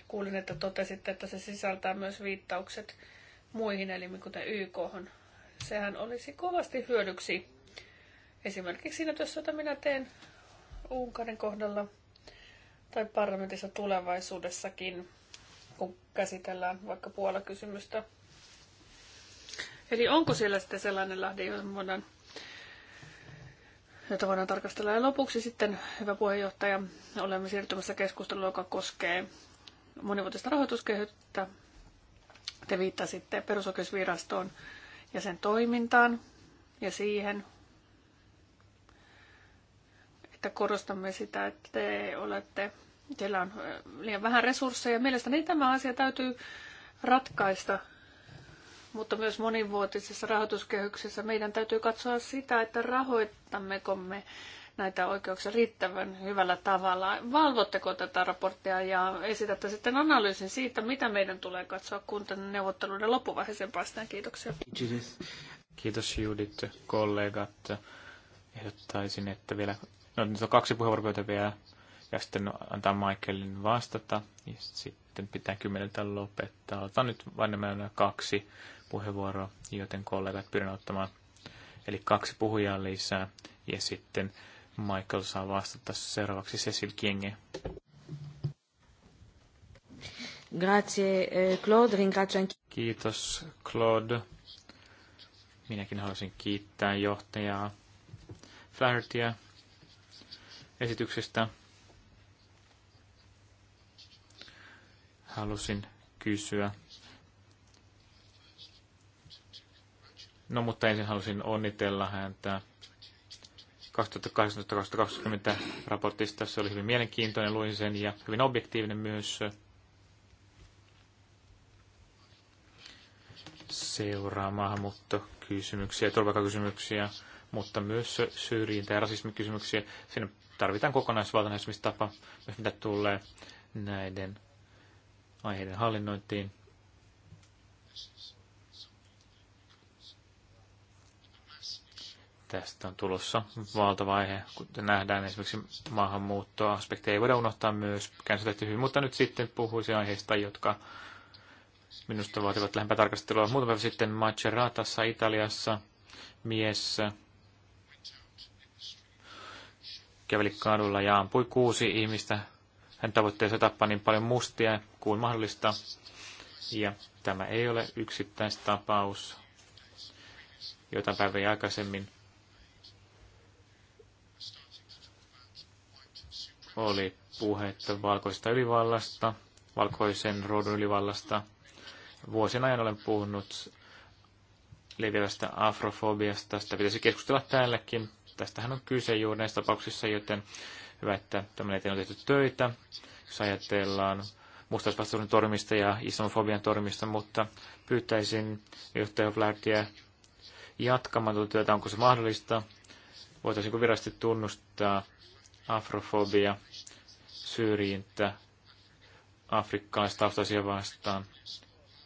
Kuulin, että totesitte, että se sisältää myös viittaukset muihin elimiin, kuten YK. On. Sehän olisi kovasti hyödyksi esimerkiksi siinä työssä, jota minä teen Unkarin kohdalla tai parlamentissa tulevaisuudessakin, kun käsitellään vaikka puolakysymystä. Eli onko siellä sitten sellainen lähde, jota voidaan, jota voidaan tarkastella. Ja lopuksi sitten, hyvä puheenjohtaja, olemme siirtymässä keskusteluun, joka koskee monivuotista rahoituskehyttä. Te viittasitte perusoikeusvirastoon ja sen toimintaan ja siihen, että korostamme sitä, että te olette, teillä on liian vähän resursseja. Mielestäni tämä asia täytyy ratkaista, mutta myös monivuotisessa rahoituskehyksessä meidän täytyy katsoa sitä, että rahoittammeko me näitä oikeuksia riittävän hyvällä tavalla. Valvotteko tätä raporttia ja esitätte sitten analyysin siitä, mitä meidän tulee katsoa, kun tämän neuvotteluiden loppuvaiheeseen päästään. Kiitoksia. Kiitos Judith, kollegat. Ehdottaisin, että vielä, no nyt on kaksi puheenvuoroa vielä, ja sitten antaa Michaelin vastata, ja sitten pitää kymmeneltä lopettaa. Otan nyt vain nämä kaksi puheenvuoroa, joten kollegat pyydän ottamaan, eli kaksi puhujaa lisää, ja sitten Michael saa vastata seuraavaksi Cecil Kienge. Grazie eh, Claude, ringrazio anche... Kiitos Claude. Minäkin haluaisin kiittää johtajaa Flahertyä esityksestä. Halusin kysyä. No mutta ensin halusin onnitella häntä 2018-2020 raportista. Se oli hyvin mielenkiintoinen, luin sen ja hyvin objektiivinen myös. Seuraa maahanmuuttokysymyksiä ja turvapaikkakysymyksiä, mutta myös syrjintä- ja rasismikysymyksiä. Siinä tarvitaan kokonaisvaltainen tapa, mitä tulee näiden aiheiden hallinnointiin. tästä on tulossa valtava aihe. Kuten nähdään, esimerkiksi maahanmuuttoaspekti ei voida unohtaa myös käänsätetty hyvin, mutta nyt sitten puhuisin aiheista, jotka minusta vaativat lähempää tarkastelua. Muutama päivä sitten Maceratassa Italiassa mies käveli kadulla ja ampui kuusi ihmistä. Hän tavoitteensa tappaa niin paljon mustia kuin mahdollista. Ja tämä ei ole yksittäistapaus. Jotain päivän aikaisemmin oli puhetta valkoisesta ylivallasta, valkoisen ruudun ylivallasta. Vuosien ajan olen puhunut leviävästä afrofobiasta. Sitä pitäisi keskustella täälläkin. Tästähän on kyse juuri näissä tapauksissa, joten hyvä, että tämmöinen eteen on tehty töitä. Jos ajatellaan mustaisvastuuden tormista ja islamofobian tormista, mutta pyytäisin johtaja Flagia jatkamaan tuota työtä, onko se mahdollista. Voitaisiinko virallisesti tunnustaa afrofobia, syrjintä, afrikkalaistaustaisia vastaan.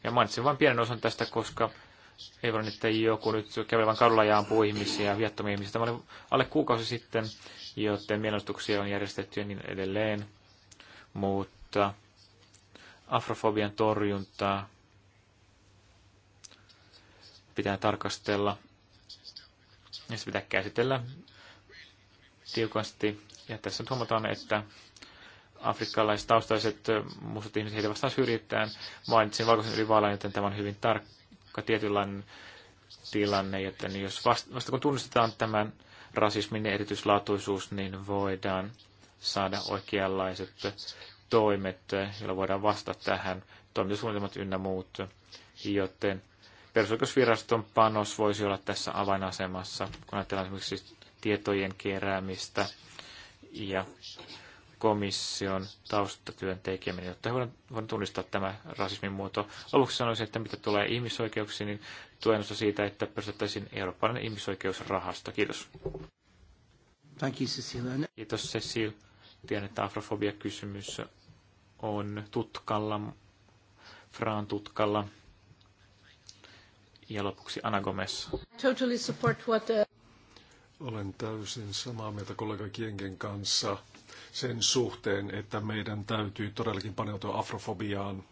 Ja mainitsin vain pienen osan tästä, koska ei voi että joku nyt kävi vain kadulla ja ampuu ihmisiä, viattomia ihmisiä. Tämä oli alle kuukausi sitten, joten mielenostuksia on järjestetty ja niin edelleen. Mutta afrofobian torjuntaa pitää tarkastella ja se pitää käsitellä tiukasti ja tässä nyt huomataan, että afrikkalaistaustaiset mustat ihmiset heitä vastaan syrjitään. Mainitsin valkoisen vaalan, joten tämä on hyvin tarkka tietynlainen tilanne, joten jos vasta, vasta kun tunnistetaan tämän rasismin erityislaatuisuus, niin voidaan saada oikeanlaiset toimet, joilla voidaan vastata tähän, toimintasuunnitelmat ynnä muut, joten perusoikeusviraston panos voisi olla tässä avainasemassa, kun ajatellaan esimerkiksi tietojen keräämistä, ja komission taustatyön tekeminen, jotta he voidaan tunnistaa tämä rasismin muoto. Aluksi sanoisin, että mitä tulee ihmisoikeuksiin, niin tuen osa siitä, että perustettaisiin eurooppalainen ihmisoikeusrahasto. Kiitos. Thank you, Cecilia. Kiitos Cecil. Tiedän, että afrofobia-kysymys on tutkalla, Fraan tutkalla. Ja lopuksi Ana Gomes. Totally support what the... Uh, olen täysin samaa mieltä kollega Kienken kanssa sen suhteen, että meidän täytyy todellakin paneutua afrofobiaan,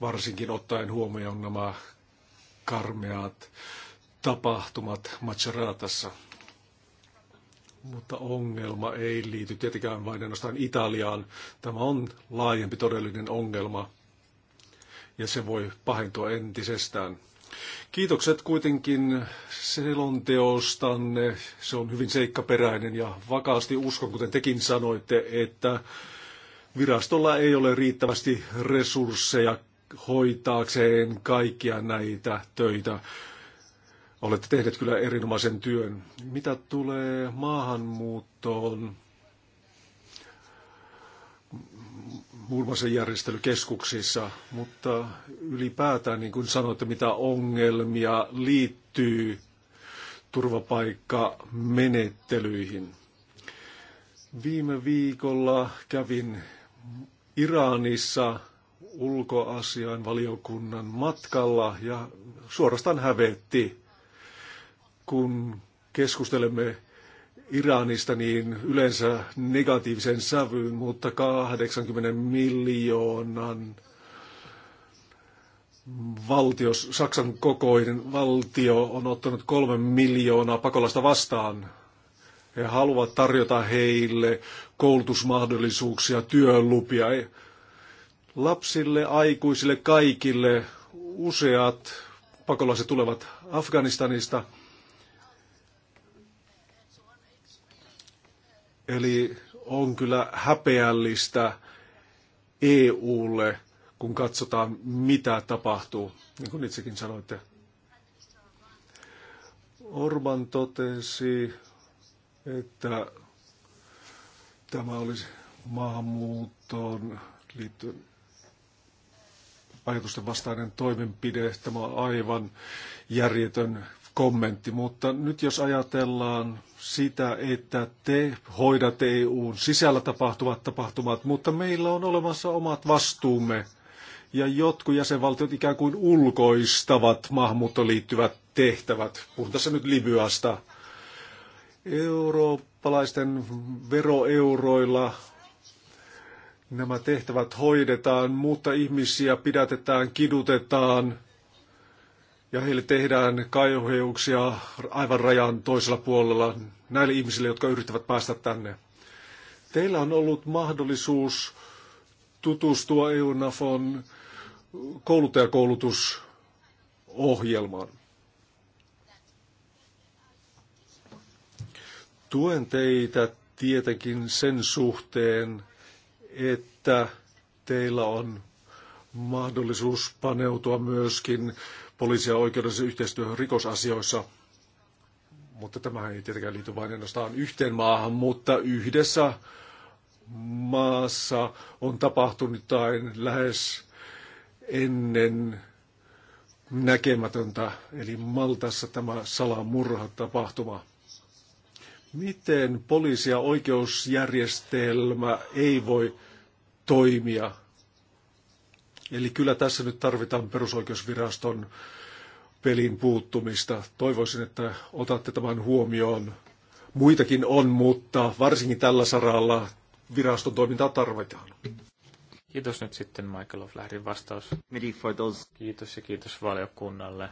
varsinkin ottaen huomioon nämä karmeat tapahtumat Maceratassa. Mutta ongelma ei liity tietenkään vain ainoastaan Italiaan. Tämä on laajempi todellinen ongelma ja se voi pahentua entisestään. Kiitokset kuitenkin selonteostanne. Se on hyvin seikkaperäinen ja vakaasti uskon, kuten tekin sanoitte, että virastolla ei ole riittävästi resursseja hoitaakseen kaikkia näitä töitä. Olette tehneet kyllä erinomaisen työn. Mitä tulee maahanmuuttoon, muun muassa järjestelykeskuksissa, mutta ylipäätään niin kuin sanoitte, mitä ongelmia liittyy turvapaikkamenettelyihin. Viime viikolla kävin Iranissa ulkoasian valiokunnan matkalla ja suorastaan hävetti, kun keskustelemme Iranista niin yleensä negatiivisen sävyyn, mutta 80 miljoonan valtios, Saksan kokoinen valtio on ottanut kolme miljoonaa pakolasta vastaan. He haluavat tarjota heille koulutusmahdollisuuksia, työlupia, lapsille, aikuisille, kaikille. Useat pakolaiset tulevat Afganistanista – Eli on kyllä häpeällistä EUlle, kun katsotaan, mitä tapahtuu, niin kuin itsekin sanoitte. Orban totesi, että tämä olisi maahanmuuttoon liittyen ajatusten vastainen toimenpide. Tämä on aivan järjetön kommentti, mutta nyt jos ajatellaan sitä, että te hoidatte EUn sisällä tapahtuvat tapahtumat, mutta meillä on olemassa omat vastuumme ja jotkut jäsenvaltiot ikään kuin ulkoistavat maahanmuuttoon liittyvät tehtävät. Puhun tässä nyt Libyasta. Eurooppalaisten veroeuroilla nämä tehtävät hoidetaan, mutta ihmisiä pidätetään, kidutetaan – ja heille tehdään kaiheuksia aivan rajan toisella puolella näille ihmisille, jotka yrittävät päästä tänne. Teillä on ollut mahdollisuus tutustua EUNAFON kouluttajakoulutusohjelmaan. Tuen teitä tietenkin sen suhteen, että teillä on mahdollisuus paneutua myöskin poliisia ja oikeudellisen yhteistyöhön rikosasioissa. Mutta tämä ei tietenkään liity vain ainoastaan yhteen maahan, mutta yhdessä maassa on tapahtunut jotain lähes ennen näkemätöntä, eli Maltassa tämä salamurha tapahtuma. Miten poliisi- ja oikeusjärjestelmä ei voi toimia Eli kyllä tässä nyt tarvitaan perusoikeusviraston pelin puuttumista. Toivoisin, että otatte tämän huomioon. Muitakin on, mutta varsinkin tällä saralla viraston toimintaa tarvitaan. Kiitos nyt sitten Michael Lähdin vastaus. Kiitos ja kiitos valiokunnalle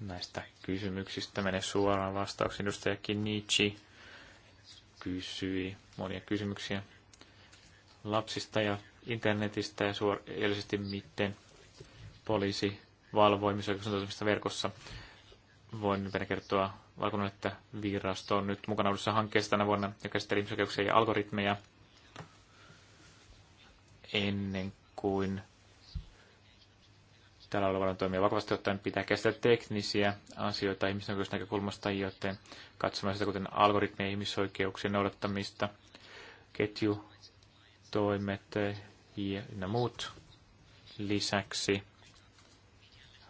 näistä kysymyksistä. Mene suoraan vastauksiin. Edustaja Kinichi kysyi monia kysymyksiä lapsista ja internetistä ja suorallisesti miten poliisi valvoi ihmisoikeuksien verkossa. Voin vielä kertoa valkoinen, että virasto on nyt mukana uudessa hankkeessa tänä vuonna, ja käsittelee ihmisoikeuksia ja algoritmeja ennen kuin tällä olevan toimia vakavasti ottaen pitää kestää teknisiä asioita ihmisoikeusnäkökulmasta, joten katsomaan sitä kuten algoritmien ihmisoikeuksien noudattamista, ketjutoimet, ja muut lisäksi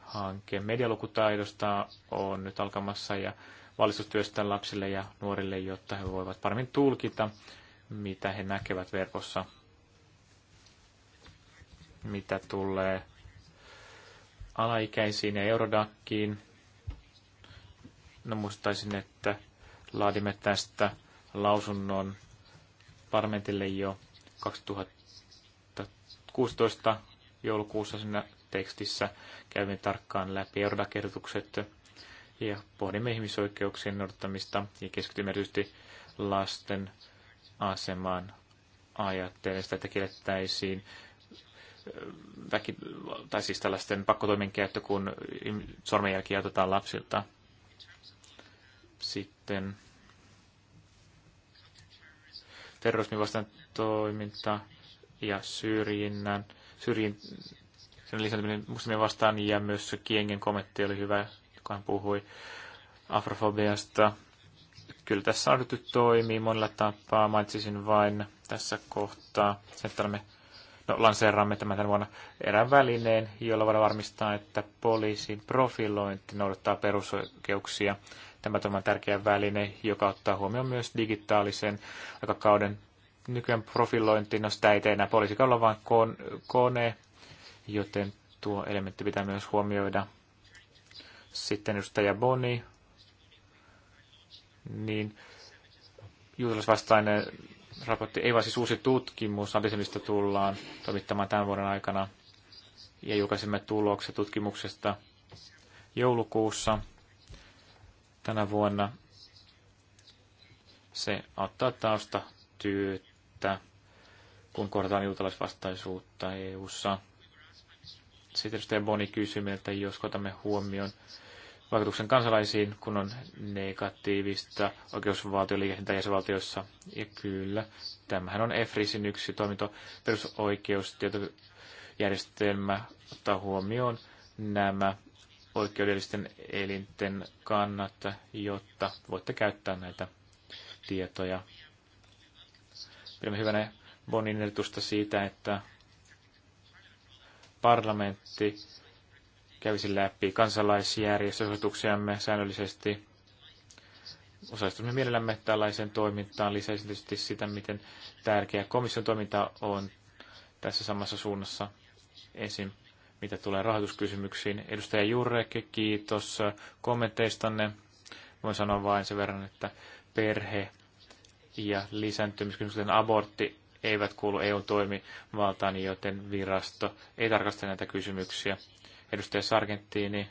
hanke medialukutaidosta on nyt alkamassa ja valistustyöstä lapsille ja nuorille, jotta he voivat paremmin tulkita, mitä he näkevät verkossa, mitä tulee alaikäisiin ja Eurodakkiin. No muistaisin, että laadimme tästä lausunnon parlamentille jo 2000 16 joulukuussa siinä tekstissä käymme tarkkaan läpi eurodakertukset ja pohdimme ihmisoikeuksien noudattamista ja keskitymme erityisesti lasten asemaan ajattelen sitä, että kiellettäisiin väki, tai siis tällaisten pakkotoimen käyttö, kun sormenjälkiä otetaan lapsilta. Sitten terrorismin vastaan toiminta ja syrjinnän, syrjin, sen lisääntyminen muslimien vastaan ja myös Kiengen kommentti oli hyvä, joka hän puhui afrofobiasta. Kyllä tässä on ryhty toimii monella tapaa. Mainitsisin vain tässä kohtaa, että me no, lanseeraamme tämän, tämän vuonna erään välineen, jolla voidaan varmistaa, että poliisin profilointi noudattaa perusoikeuksia. Tämä on tärkeä väline, joka ottaa huomioon myös digitaalisen aikakauden nykyään profilointi, no sitä ei tee enää poliisikalla, vaan kone, joten tuo elementti pitää myös huomioida. Sitten edustaja Boni, niin juutalaisvastainen raportti, ei vaan siis uusi tutkimus antisemista tullaan toimittamaan tämän vuoden aikana. Ja julkaisemme tulokset tutkimuksesta joulukuussa tänä vuonna. Se auttaa tausta työtä että kun korjataan juutalaisvastaisuutta EU-ssa. Sitten edustaja Boni kysyi meiltä, jos otamme huomioon vaikutuksen kansalaisiin, kun on negatiivista oikeusvaltioliikehdintää jäsenvaltioissa. Ja kyllä, tämähän on EFRISin yksi toiminto perusoikeustietojärjestelmä ottaa huomioon nämä oikeudellisten elinten kannat, jotta voitte käyttää näitä tietoja Pidämme hyvänä Bonin ehdotusta siitä, että parlamentti kävisi läpi kansalaisjärjestösuosituksiamme säännöllisesti. Osallistumme mielellämme tällaiseen toimintaan. Lisäisin tietysti sitä, miten tärkeä komission toiminta on tässä samassa suunnassa. Esim. mitä tulee rahoituskysymyksiin. Edustaja Jurekki, kiitos kommenteistanne. Voin sanoa vain sen verran, että perhe ja lisääntymiskysymykset, kuten abortti, eivät kuulu EU-toimivaltaan, joten virasto ei tarkasta näitä kysymyksiä. Edustaja Sargentini,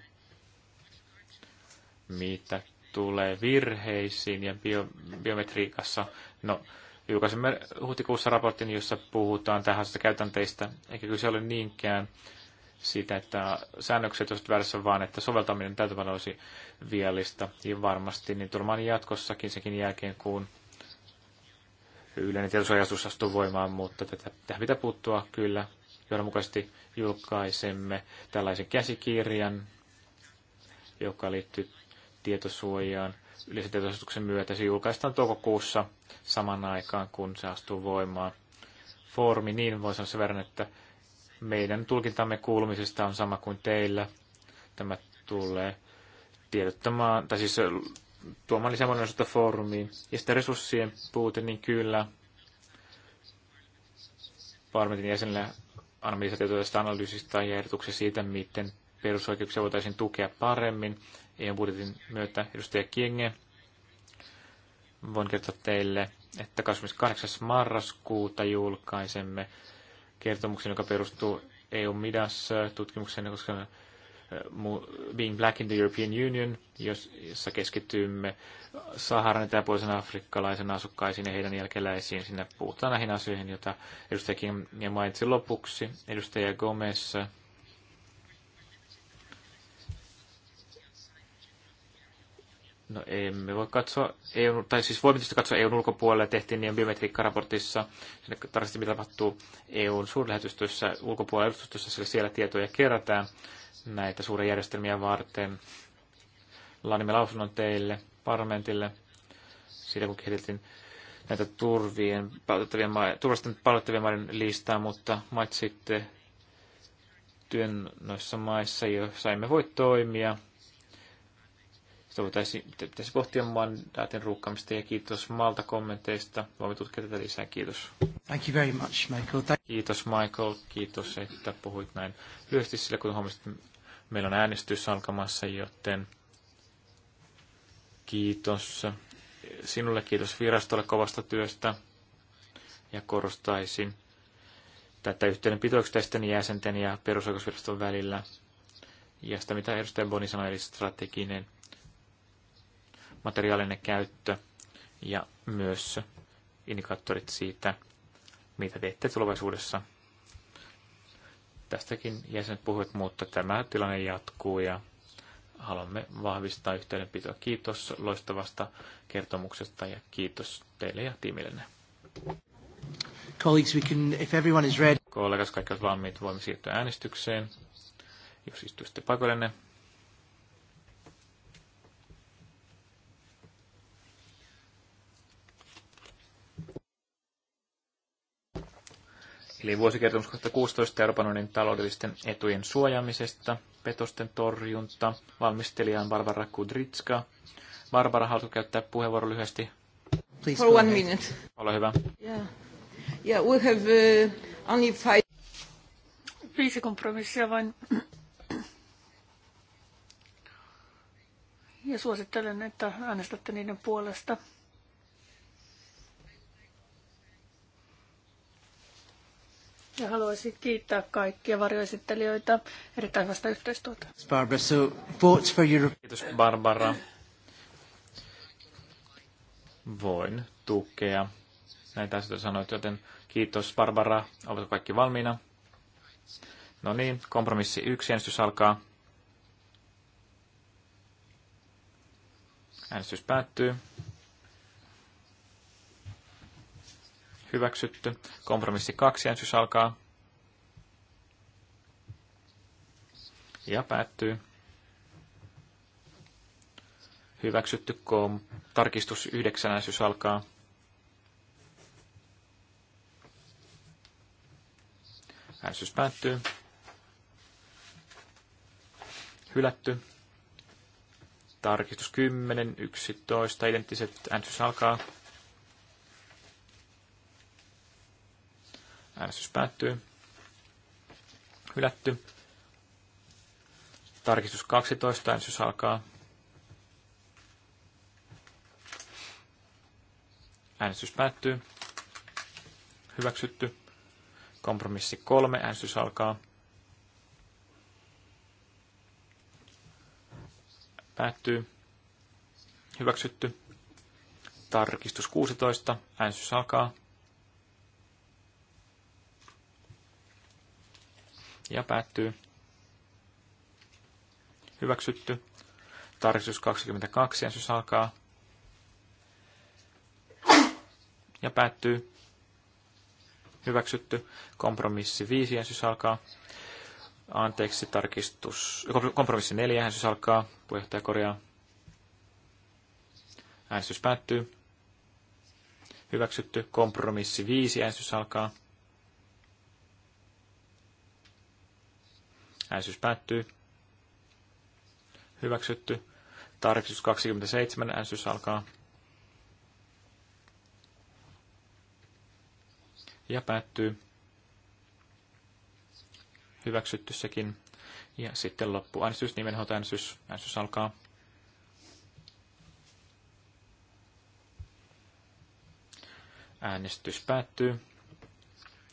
mitä tulee virheisiin ja bio, biometriikassa? No, julkaisemme huhtikuussa raportin, jossa puhutaan tällaisista käytänteistä, eikä kyse ole niinkään siitä, että säännökset olisivat väärässä, vaan että soveltaminen täytyy olisi viallista. Ja varmasti niin turmaan jatkossakin sekin jälkeen, kun yleinen tietosuojastus astuu voimaan, mutta tätä, tähän pitää puuttua kyllä. Johdonmukaisesti julkaisemme tällaisen käsikirjan, joka liittyy tietosuojaan. Yleisen tietosuojastuksen myötä se julkaistaan toukokuussa saman aikaan, kun se astuu voimaan. Foorumi, niin voisi sanoa sen verran, että meidän tulkintamme kuulumisesta on sama kuin teillä. Tämä tulee tiedottamaan, tai siis tuomaan monenlaista foorumiin. Ja sitten resurssien puute, niin kyllä parlamentin jäsenillä annamme lisätietoja tästä analyysistä ja ehdotuksia siitä, miten perusoikeuksia voitaisiin tukea paremmin EU-budjetin myötä. Edustaja Kienge, voin kertoa teille, että 28. marraskuuta julkaisemme kertomuksen, joka perustuu EU-Midas-tutkimukseen, koska Eh, being Black in the European Union, jossa keskittymme Saharan etäpuolisen afrikkalaisen asukkaisiin ja heidän jälkeläisiin. Sinne puhutaan näihin asioihin, joita edustaja Kim mainitsi lopuksi. Edustaja Gomez No emme voi katsoa, EU, tai siis voimme tietysti katsoa EUn ulkopuolelle, tehtiin niin biometriikkaraportissa, sinne tarkasti mitä tapahtuu EUn suurlähetystöissä, ulkopuolella edustustossa, siellä tietoja kerätään näitä suuria järjestelmiä varten. Laadimme lausunnon teille, parlamentille, siitä kun kehiteltiin näitä turvien, palautettavien, turvallisten palautettavien maiden listaa, mutta mainitsitte työn noissa maissa, joissa emme voi toimia. Sitä pitäisi pohtia mandaatin ruukkaamista ja kiitos Malta kommenteista. Voimme tutkia tätä lisää. Kiitos. Thank you very much, Michael. Thank- kiitos Michael. Kiitos, että puhuit näin lyhyesti, sillä kun huomasit, Meillä on äänestys alkamassa, joten kiitos sinulle, kiitos virastolle kovasta työstä ja korostaisin tätä yhteydenpitoa yksittäisten jäsenten ja perusoikeusviraston välillä. Ja sitä, mitä edustaja Boni sanoi, eli strateginen materiaalinen käyttö ja myös indikaattorit siitä, mitä teette tulevaisuudessa. Tästäkin jäsenet puhuivat, mutta tämä tilanne jatkuu ja haluamme vahvistaa yhteydenpitoa. Kiitos loistavasta kertomuksesta ja kiitos teille ja tiimillenne. Colleagues, we can, if everyone is ready. Kollegas, kaikki ovat valmiit, voimme siirtyä äänestykseen. Jos istuisitte paikoillenne. eli vuosikertomus 2016 Euroopan unionin taloudellisten etujen suojaamisesta, petosten torjunta, valmistelijan Barbara Kudritska. Barbara, haluatko käyttää puheenvuoron lyhyesti? Please, For one minute. Ole hyvä. Yeah. Yeah, we have uh, only five... Viisi kompromissia vain. Ja suosittelen, että äänestätte niiden puolesta. Ja haluaisin kiittää kaikkia varjoesittelijöitä erittäin hyvästä yhteistyötä. Barbara, so votes for Europe. Kiitos Barbara. Voin tukea näitä asioita sanoit, joten kiitos Barbara. Ovatko kaikki valmiina? No niin, kompromissi yksi, äänestys alkaa. Äänestys päättyy. hyväksytty. Kompromissi kaksi äänestys alkaa. Ja päättyy. Hyväksytty kom. Tarkistus yhdeksän äänestys alkaa. Äänsys päättyy. Hylätty. Tarkistus 10, 11, identtiset äänsys alkaa. Äänestys päättyy. Hylätty. Tarkistus 12. Äänestys alkaa. Äänestys päättyy. Hyväksytty. Kompromissi 3. Äänestys alkaa. Päättyy. Hyväksytty. Tarkistus 16. Äänestys alkaa. ja päättyy. Hyväksytty. Tarkistus 22, ensys alkaa ja päättyy. Hyväksytty. Kompromissi 5, ensys alkaa. Anteeksi, tarkistus. Kompromissi 4, ensys alkaa. Puheenjohtaja korjaa. Äänestys päättyy. Hyväksytty. Kompromissi 5, äänestys alkaa. Äänestys päättyy. Hyväksytty. Tarkistus 27. Äänestys alkaa. Ja päättyy. Hyväksytty sekin. Ja sitten loppu. Äänestys, äänestys, Äänestys alkaa. Äänestys päättyy.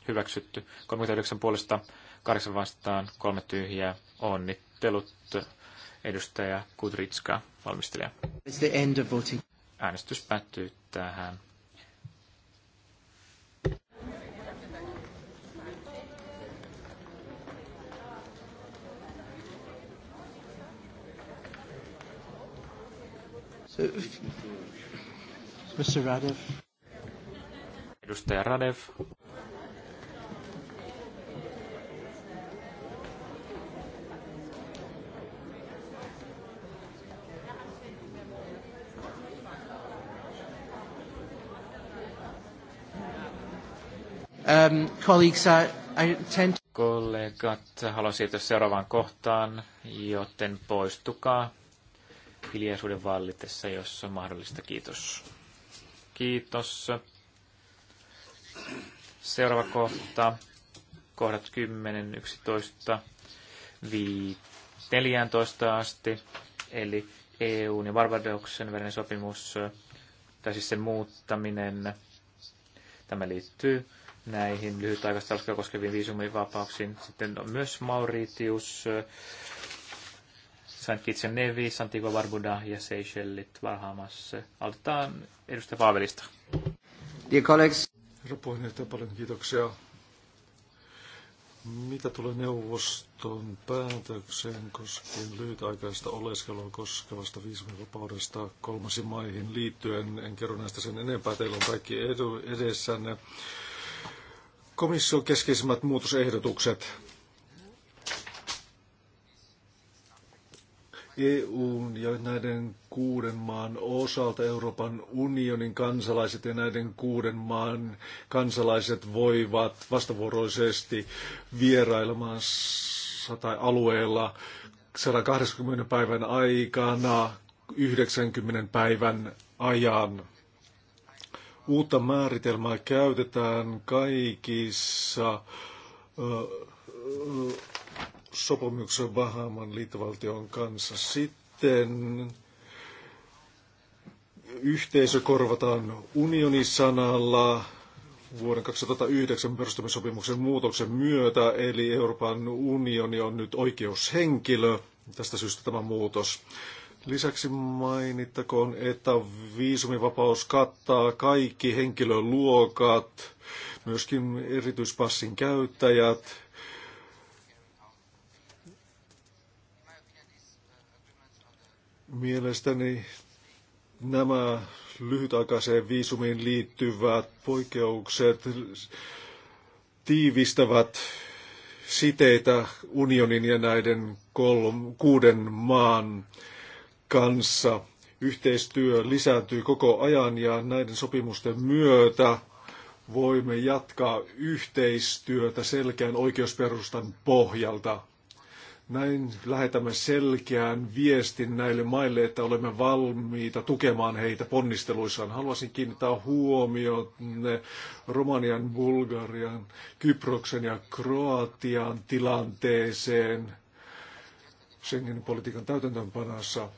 Hyväksytty. 39 puolesta kahdeksan vastaan, kolme tyhjää. Onnittelut edustaja Kudritska, valmistelija. Äänestys päättyy tähän. Mr. Radev. Edustaja Radev. Um, colleagues, I, I tend to... Kollegat, haluan siirtyä seuraavaan kohtaan, joten poistukaa hiljaisuuden vallitessa, jos on mahdollista. Kiitos. Kiitos. Seuraava kohta, kohdat 10, 11, 14 asti, eli EUn ja Barbadoksen välinen sopimus, tai siis sen muuttaminen. Tämä liittyy näihin lyhytaikaista oleskelua koskeviin viisumivapauksiin. Sitten on myös Mauritius, Saint Kitts ja Nevis, Barbuda ja Seychellit Varhaamassa. Aloitetaan edustaja Paavelista. Herra puheenjohtaja, paljon kiitoksia. Mitä tulee neuvoston päätökseen koskien lyhytaikaista oleskelua koskevasta viisumivapaudesta kolmasi maihin liittyen? En kerro näistä sen enempää. Teillä on kaikki edu edessänne. Komission keskeisimmät muutosehdotukset. EUn ja näiden kuuden maan osalta Euroopan unionin kansalaiset ja näiden kuuden maan kansalaiset voivat vastavuoroisesti vierailemassa tai alueella 180 päivän aikana 90 päivän ajan uutta määritelmää käytetään kaikissa sopimuksessa Bahaman liittovaltion kanssa. Sitten yhteisö korvataan unionisanalla vuoden 2009 perustamissopimuksen muutoksen myötä, eli Euroopan unioni on nyt oikeushenkilö. Tästä syystä tämä muutos. Lisäksi mainittakoon, että viisumivapaus kattaa kaikki henkilöluokat, myöskin erityispassin käyttäjät, Mielestäni nämä lyhytaikaiseen viisumiin liittyvät poikkeukset tiivistävät siteitä unionin ja näiden kolm, kuuden maan kanssa. Yhteistyö lisääntyy koko ajan ja näiden sopimusten myötä voimme jatkaa yhteistyötä selkeän oikeusperustan pohjalta. Näin lähetämme selkeän viestin näille maille, että olemme valmiita tukemaan heitä ponnisteluissaan. Haluaisin kiinnittää huomioon Romanian, Bulgarian, Kyproksen ja Kroatian tilanteeseen Schengen-politiikan täytäntöönpanossa.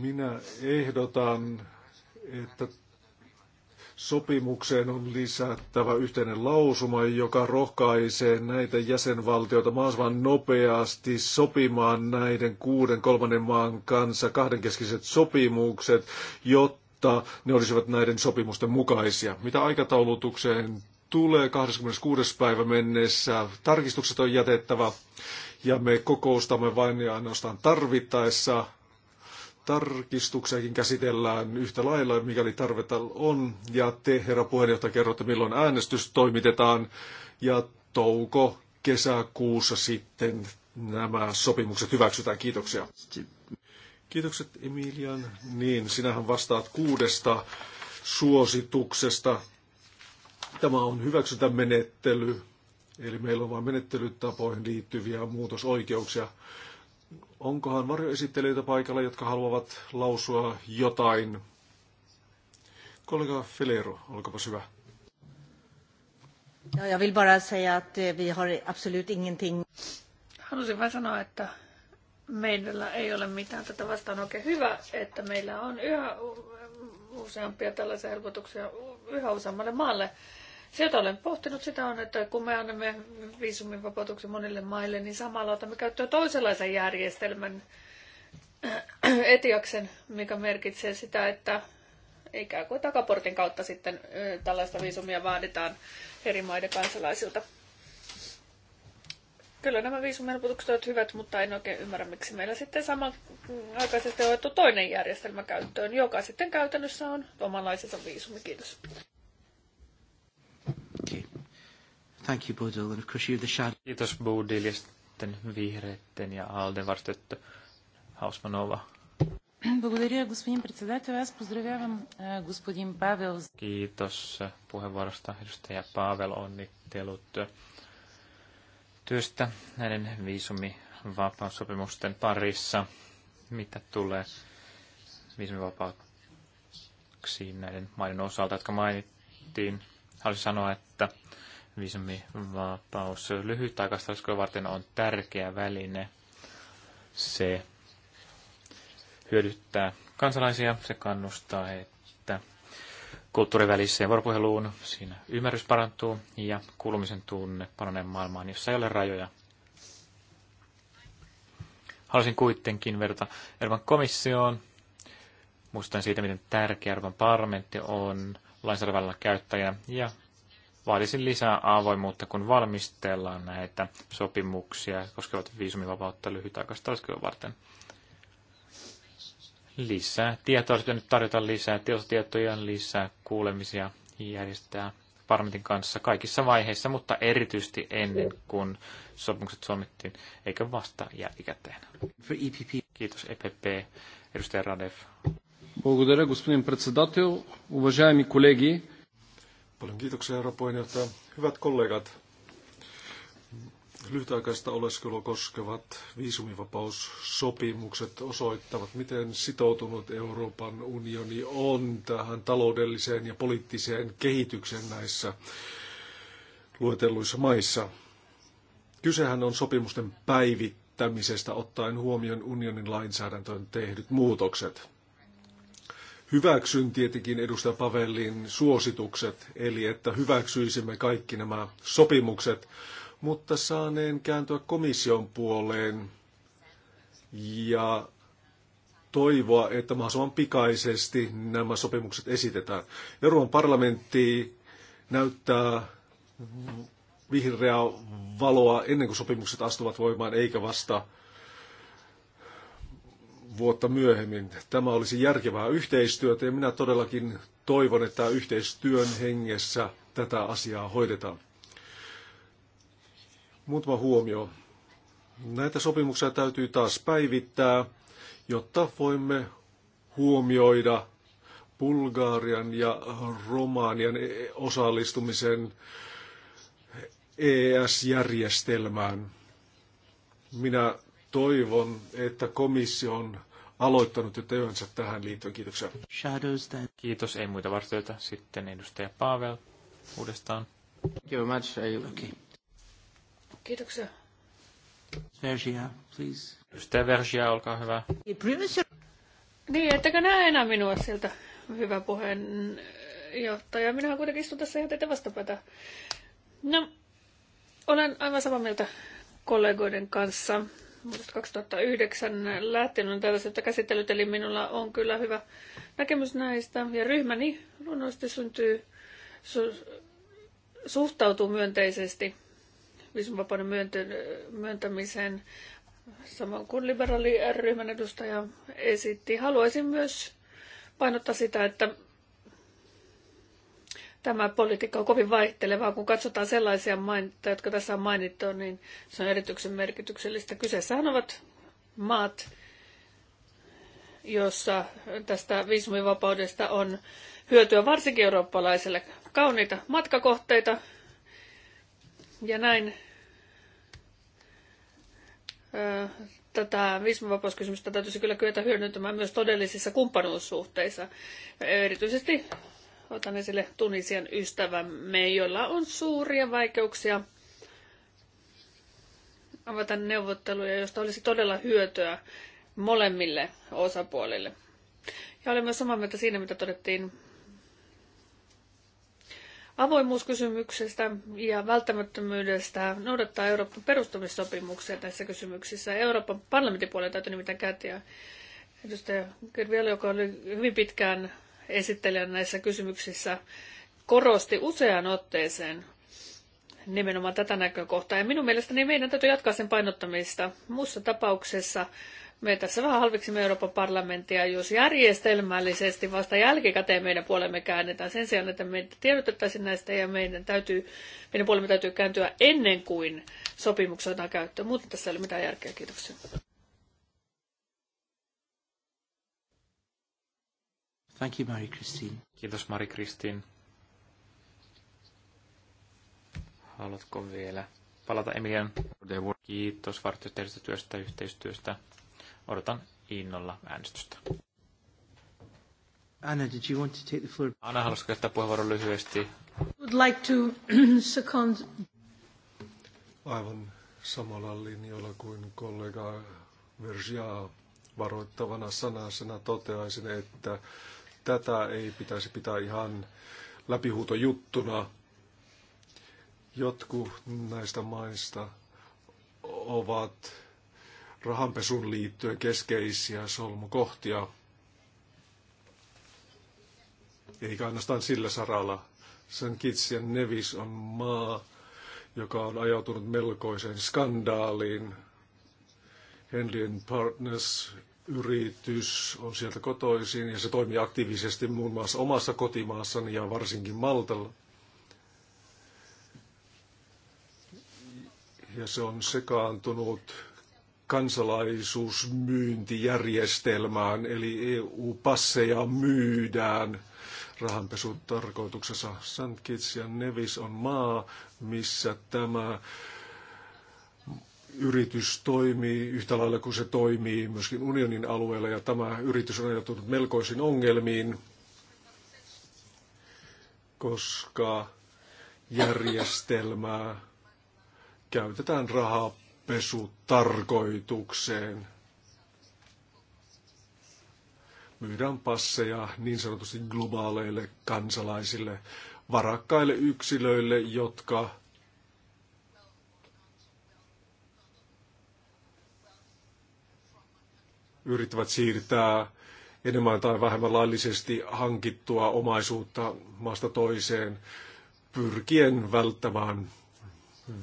Minä ehdotan, että sopimukseen on lisättävä yhteinen lausuma, joka rohkaisee näitä jäsenvaltioita mahdollisimman nopeasti sopimaan näiden kuuden kolmannen maan kanssa kahdenkeskiset sopimukset, jotta ne olisivat näiden sopimusten mukaisia. Mitä aikataulutukseen tulee 26. päivä mennessä, tarkistukset on jätettävä ja me kokoustamme vain ja ainoastaan tarvittaessa tarkistuksiakin käsitellään yhtä lailla, mikäli tarvetta on. Ja te, herra puheenjohtaja, kerrotte, milloin äänestys toimitetaan. Ja touko kesäkuussa sitten nämä sopimukset hyväksytään. Kiitoksia. Kiitokset Emilian. Niin, sinähän vastaat kuudesta suosituksesta. Tämä on hyväksyntämenettely, eli meillä on vain menettelytapoihin liittyviä muutosoikeuksia. Onkohan varjoesittelijöitä paikalla, jotka haluavat lausua jotain? Kollega Filero, olkapa hyvä. Ja, jag vill bara säga att eh, vi har absolut ingenting. Halusin vain sanoa, että meillä ei ole mitään tätä vastaan oikein hyvä, että meillä on yhä useampia tällaisia helpotuksia yhä useammalle maalle. Se, jota olen pohtinut, sitä on, että kun me annamme viisumin vapautuksen monille maille, niin samalla otamme käyttöön toisenlaisen järjestelmän äh, etiaksen, mikä merkitsee sitä, että ikään kuin takaportin kautta sitten tällaista viisumia vaaditaan eri maiden kansalaisilta. Kyllä nämä viisumihelpotukset ovat hyvät, mutta en oikein ymmärrä, miksi meillä sitten samanaikaisesti mm, on otettu toinen järjestelmä käyttöön, joka sitten käytännössä on omanlaisensa viisumi. Kiitos. Thank you, Bodil. And of course you're the shadow. Kiitos Bodil ja sitten vihreitten ja Alden vartettu Hausmanova. Благодаря, господин председател. Аз поздравявам господин Павел. Kiitos puheenvuorosta. Edustaja Pavel onnittelut työstä näiden viisumivapaussopimusten parissa. Mitä tulee viisumivapauksiin näiden maiden osalta, jotka mainittiin, haluaisin sanoa, että Viisumivapaus lyhytaikaista varten on tärkeä väline. Se hyödyttää kansalaisia, se kannustaa että kulttuuriväliseen vuoropuheluun, siinä ymmärrys parantuu ja kuulumisen tunne paranee maailmaan, jossa ei ole rajoja. Haluaisin kuitenkin verrata Euroopan komissioon. Muistan siitä, miten tärkeä Euroopan parlamentti on lainsäädävällä käyttäjä ja vaadisin lisää avoimuutta, kun valmistellaan näitä sopimuksia koskevat viisumivapautta lyhytaikaista varten. Lisää tietoa olisi pitänyt tarjota lisää, tietotietoja lisää, kuulemisia järjestää parlamentin kanssa kaikissa vaiheissa, mutta erityisesti ennen kuin sopimukset solmittiin, eikä vasta jälkikäteen. E Kiitos EPP. Edustaja Radev. Благодаря, господин председател. Уважаеми колеги, Paljon kiitoksia, herra puheenjohtaja. Hyvät kollegat, lyhytaikaista oleskelua koskevat viisumivapaussopimukset osoittavat, miten sitoutunut Euroopan unioni on tähän taloudelliseen ja poliittiseen kehitykseen näissä luetelluissa maissa. Kysehän on sopimusten päivittämisestä ottaen huomioon unionin lainsäädäntöön tehdyt muutokset. Hyväksyn tietenkin edustaja Pavelin suositukset, eli että hyväksyisimme kaikki nämä sopimukset, mutta saaneen kääntyä komission puoleen ja toivoa, että mahdollisimman pikaisesti nämä sopimukset esitetään. Euroopan parlamentti näyttää vihreää valoa ennen kuin sopimukset astuvat voimaan, eikä vasta vuotta myöhemmin. Tämä olisi järkevää yhteistyötä ja minä todellakin toivon, että yhteistyön hengessä tätä asiaa hoidetaan. Muutama huomio. Näitä sopimuksia täytyy taas päivittää, jotta voimme huomioida Bulgarian ja Romanian osallistumisen ES-järjestelmään. Minä toivon, että komissio on aloittanut jo työnsä tähän liittyen. Kiitoksia. Shadows then. Kiitos, ei muita vastuita. Sitten edustaja Pavel uudestaan. Thank you very much. Okay. Kiitoksia. Vergia, please. Edustaja Vergia, olkaa hyvä. Niin, ettekö näe enää minua siltä, hyvä puheenjohtaja. Minä kuitenkin istun tässä ihan teitä vastapäätä. No, olen aivan samaa mieltä kollegoiden kanssa vuodesta 2009 lähtenyt tällaiset käsittelyt, eli minulla on kyllä hyvä näkemys näistä. Ja ryhmäni luonnollisesti syntyy, su- suhtautuu myönteisesti viisumivapauden myöntämiseen, samoin kuin ryhmän edustaja esitti. Haluaisin myös painottaa sitä, että tämä politiikka on kovin vaihtelevaa. Kun katsotaan sellaisia maita, jotka tässä on mainittu, niin se on erityisen merkityksellistä. Kyseessähän ovat maat, jossa tästä viisumivapaudesta on hyötyä varsinkin eurooppalaisille. Kauniita matkakohteita ja näin tätä viisumivapauskysymystä täytyisi kyllä kyetä hyödyntämään myös todellisissa kumppanuussuhteissa, erityisesti otan esille Tunisian ystävämme, jolla on suuria vaikeuksia avata neuvotteluja, joista olisi todella hyötyä molemmille osapuolille. Ja olen myös samaa mieltä siinä, mitä todettiin avoimuuskysymyksestä ja välttämättömyydestä noudattaa Euroopan perustamissopimuksia tässä kysymyksissä. Euroopan parlamentin puolella täytyy nimittäin käyttää edustaja Kirviel, joka oli hyvin pitkään esittelijän näissä kysymyksissä korosti useaan otteeseen nimenomaan tätä näkökohtaa. Ja minun mielestäni meidän täytyy jatkaa sen painottamista. Muussa tapauksessa me tässä vähän halveksimme Euroopan parlamenttia, jos järjestelmällisesti vasta jälkikäteen meidän puolemme käännetään sen sijaan, että meitä tiedotettaisiin näistä ja meidän, täytyy, meidän puolemme täytyy kääntyä ennen kuin sopimukset otetaan käyttöön. Muuten tässä ei ole mitään järkeä. Kiitoksia. Thank you, Christine. Kiitos, Mari Kristin. Haluatko vielä palata Emilian? Kiitos vartioitteisestä työstä yhteistyöstä. Odotan innolla äänestystä. Anna, did you want to take the floor? Anna, haluaisitko käyttää puheenvuoron lyhyesti? Would like to *clears throat* second. Aivan samalla linjalla kuin kollega Vergia varoittavana sanasena toteaisin, että tätä ei pitäisi pitää ihan läpihuutojuttuna. Jotkut näistä maista ovat rahanpesun liittyen keskeisiä solmukohtia. Eikä ainoastaan sillä saralla. Sen kitsien Nevis on maa, joka on ajautunut melkoiseen skandaaliin. Henlien Partners yritys on sieltä kotoisin ja se toimii aktiivisesti muun muassa omassa kotimaassani ja varsinkin Maltalla. Ja se on sekaantunut kansalaisuusmyyntijärjestelmään, eli EU-passeja myydään rahanpesutarkoituksessa. St. Kitts ja Nevis on maa, missä tämä yritys toimii yhtä lailla kuin se toimii myöskin unionin alueella ja tämä yritys on ajautunut melkoisiin ongelmiin, koska järjestelmää käytetään rahapesutarkoitukseen. Myydään passeja niin sanotusti globaaleille kansalaisille, varakkaille yksilöille, jotka yrittävät siirtää enemmän tai vähemmän laillisesti hankittua omaisuutta maasta toiseen pyrkien välttämään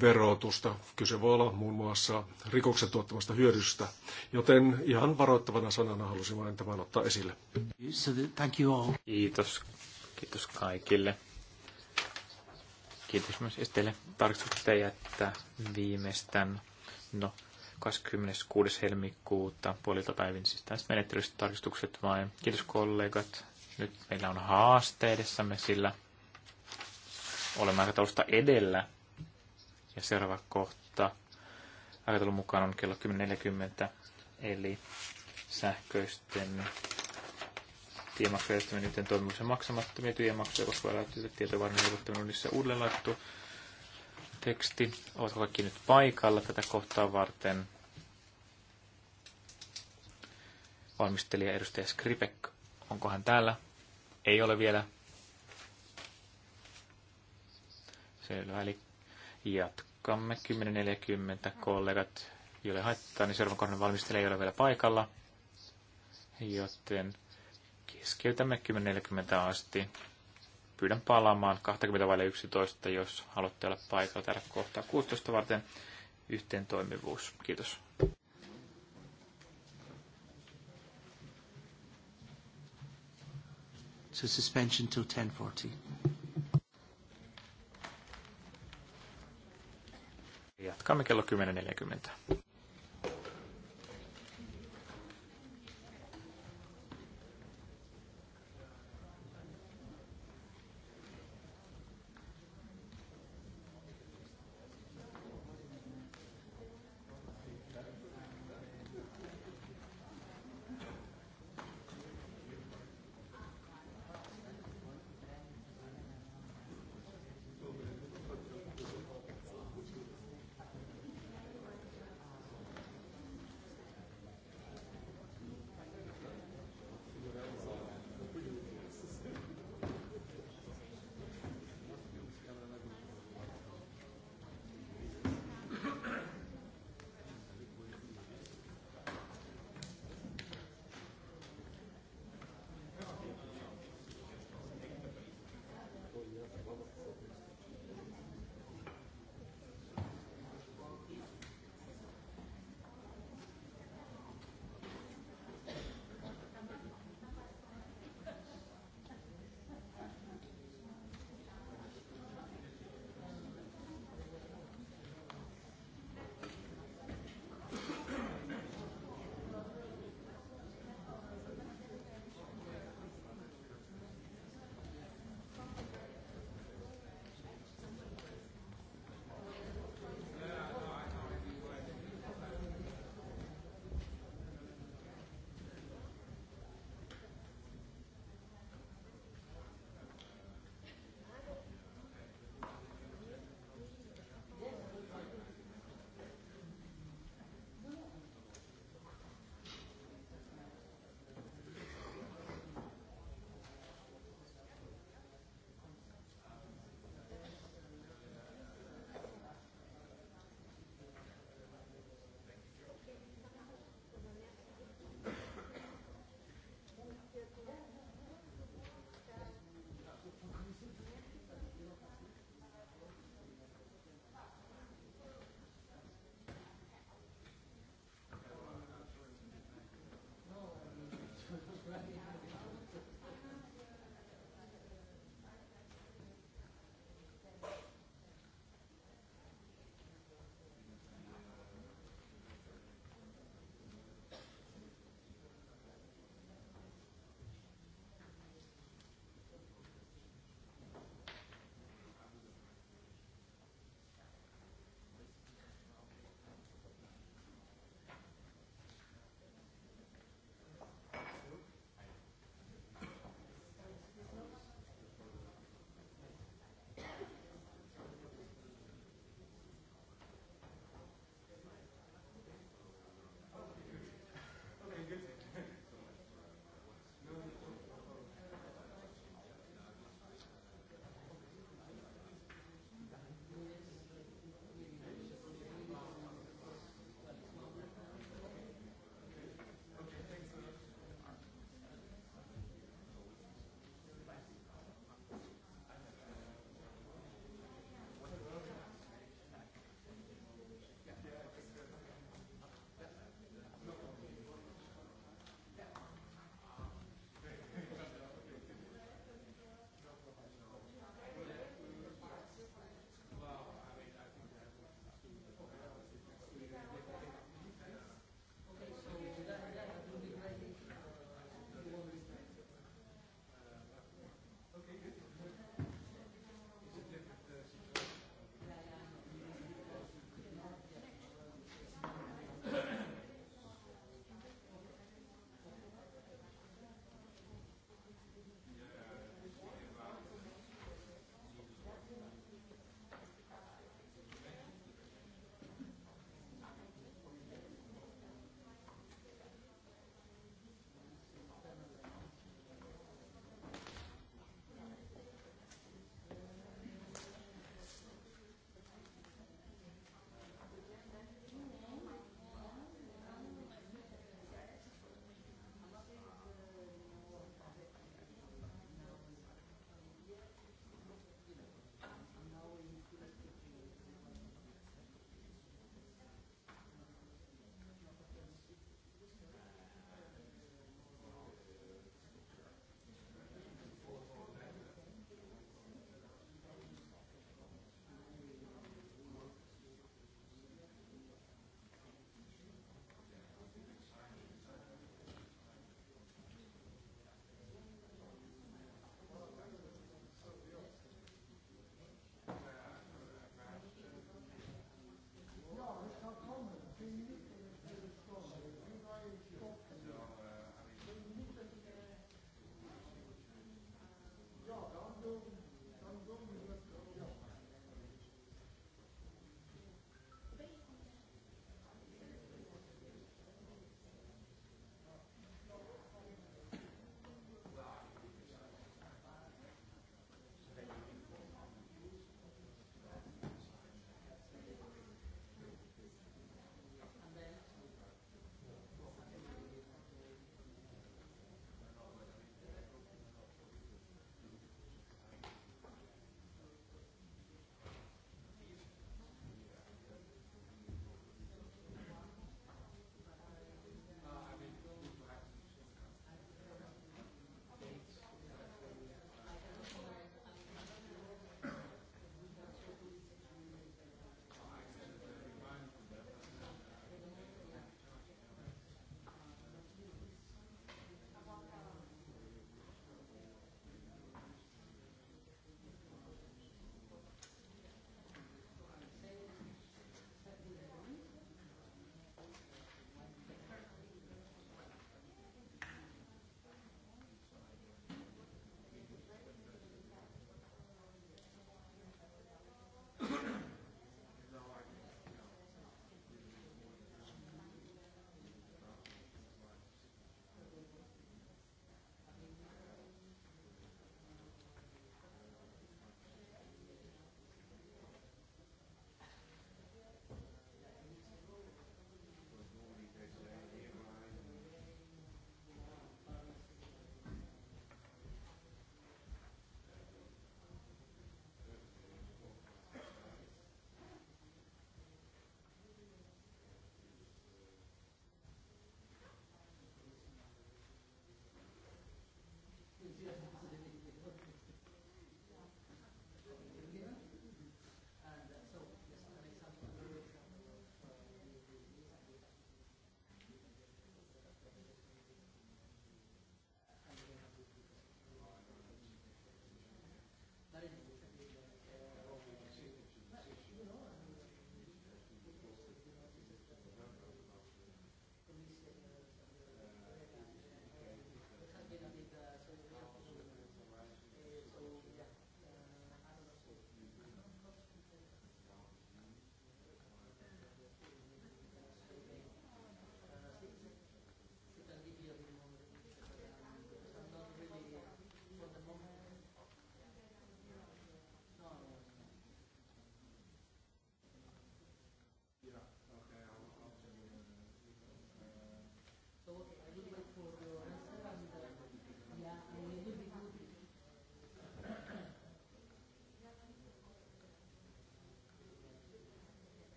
verotusta. Kyse voi olla muun muassa rikoksen tuottamasta hyödystä, joten ihan varoittavana sanana halusin vain tämän ottaa esille. Kiitos. Kiitos kaikille. Kiitos myös teille tarkistuksesta jättää viimeistään. No, 26. helmikuuta puolilta päivin siis tästä menettelystä tarkistukset vain. Kiitos kollegat. Nyt meillä on haaste edessämme, sillä olemme aikataulusta edellä. Ja seuraava kohta aikataulun mukaan on kello 10.40, eli sähköisten tiemaksujärjestelmien toimimuksen toimivuus ja maksamattomia työmaksuja koskeva tietovarmuuden helpottaminen niissä uudelleen laittu teksti. Ovatko kaikki nyt paikalla tätä kohtaa varten? Valmistelija edustaja Skripek, onko hän täällä? Ei ole vielä. Selvä, eli jatkamme 10.40 kollegat, joille haittaa, niin seuraavan kohdan valmistelija ei ole vielä paikalla. Joten keskeytämme 10.40 asti pyydän palaamaan 20 vaille 11, jos haluatte olla paikalla täällä kohtaa 16 varten yhteen toimivuus. Kiitos. So suspension till 10.40. Jatkamme kello 10.40.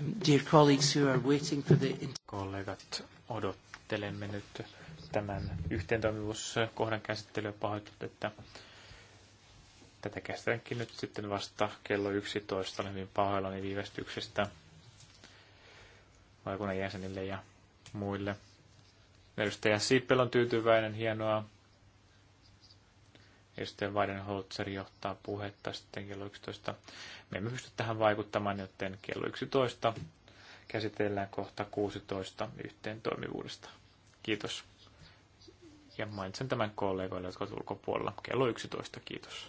Dear colleagues who are waiting for the... Kollegat, odottelemme nyt tämän yhteentoimivuuskohdan käsittelyä pahoittelut, että tätä käsitelläänkin nyt sitten vasta kello 11. Olen hyvin pahoillani viivästyksestä valiokunnan jäsenille ja muille. Edustaja Sippel on tyytyväinen, hienoa ja Edustaja Weidenholzer johtaa puhetta sitten kello 11. Me emme pysty tähän vaikuttamaan, joten kello 11 käsitellään kohta 16 yhteen toimivuudesta. Kiitos. Ja mainitsen tämän kollegoille, jotka ovat ulkopuolella. Kello 11, kiitos.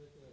tekee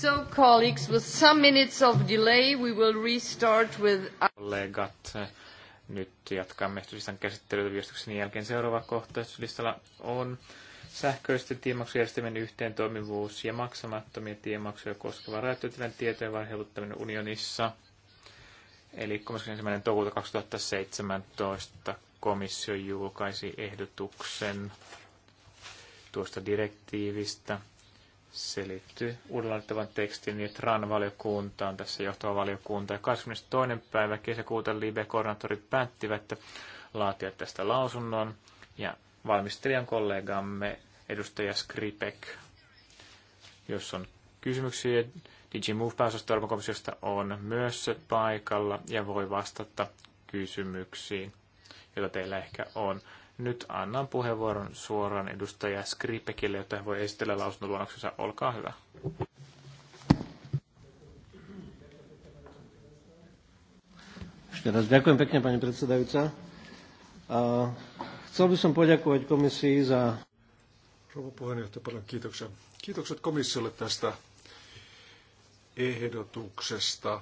So colleagues, with some minutes of delay, we will restart with... Kollegat, nyt jatkamme listan käsittelyä viestyksen jälkeen. Seuraava kohta listalla on sähköisten tiemaksujärjestelmien yhteen toimivuus ja maksamattomien tiemaksuja koskeva rajoittavien tietojen vaihdeluttaminen unionissa. Eli 31. toukokuuta 2017 komissio julkaisi ehdotuksen tuosta direktiivistä se liittyy tekstin ja TRAN valiokuntaan, tässä johtava valiokunta. Ja 22. päivä kesäkuuta Libe-koordinaattorit päättivät että laatia tästä lausunnon ja valmistelijan kollegamme edustaja Skripek, jos on kysymyksiä Digimove pääosasta Euroopan on myös paikalla ja voi vastata kysymyksiin, joita teillä ehkä on. Nyt annan puheenvuoron suoraan edustaja Skripekille, jotta hän voi esitellä lausuntoluonnoksensa. Olkaa hyvä. Ešte ďakujem pekne, pani predsedajúca. Chcel by som poďakovať komisii za... Rouva puheenjohtaja, paljon kiitoksia. Kiitokset komissiolle tästä ehdotuksesta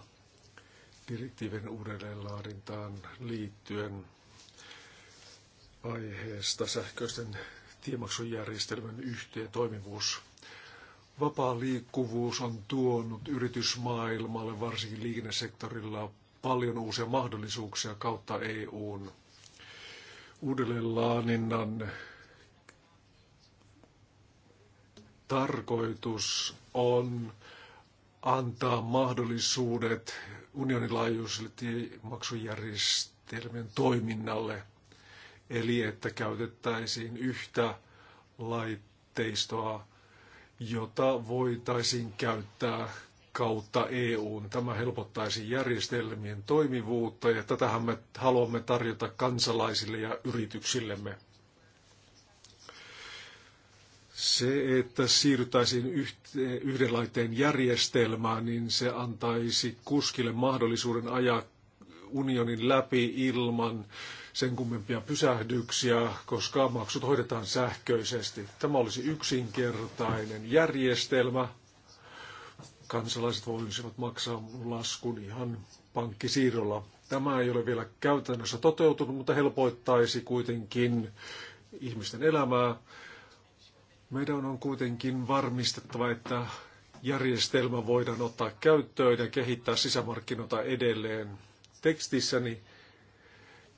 direktiivin uudelleenlaadintaan liittyen aiheesta sähköisten tiemaksujärjestelmän yhteen toimivuus. Vapaa liikkuvuus on tuonut yritysmaailmalle, varsinkin liikennesektorilla, paljon uusia mahdollisuuksia kautta EUn. Uudelleenlaaninnan tarkoitus on antaa mahdollisuudet unionin laajuiselle tiemaksujärjestelmien toiminnalle – eli että käytettäisiin yhtä laitteistoa, jota voitaisiin käyttää kautta EUn. Tämä helpottaisi järjestelmien toimivuutta ja tätähän me haluamme tarjota kansalaisille ja yrityksillemme. Se, että siirrytäisiin yhden laitteen järjestelmään, niin se antaisi kuskille mahdollisuuden ajaa unionin läpi ilman sen kummempia pysähdyksiä, koska maksut hoidetaan sähköisesti. Tämä olisi yksinkertainen järjestelmä. Kansalaiset voisivat maksaa laskun ihan pankkisiirrolla. Tämä ei ole vielä käytännössä toteutunut, mutta helpoittaisi kuitenkin ihmisten elämää. Meidän on kuitenkin varmistettava, että järjestelmä voidaan ottaa käyttöön ja kehittää sisämarkkinoita edelleen. Tekstissäni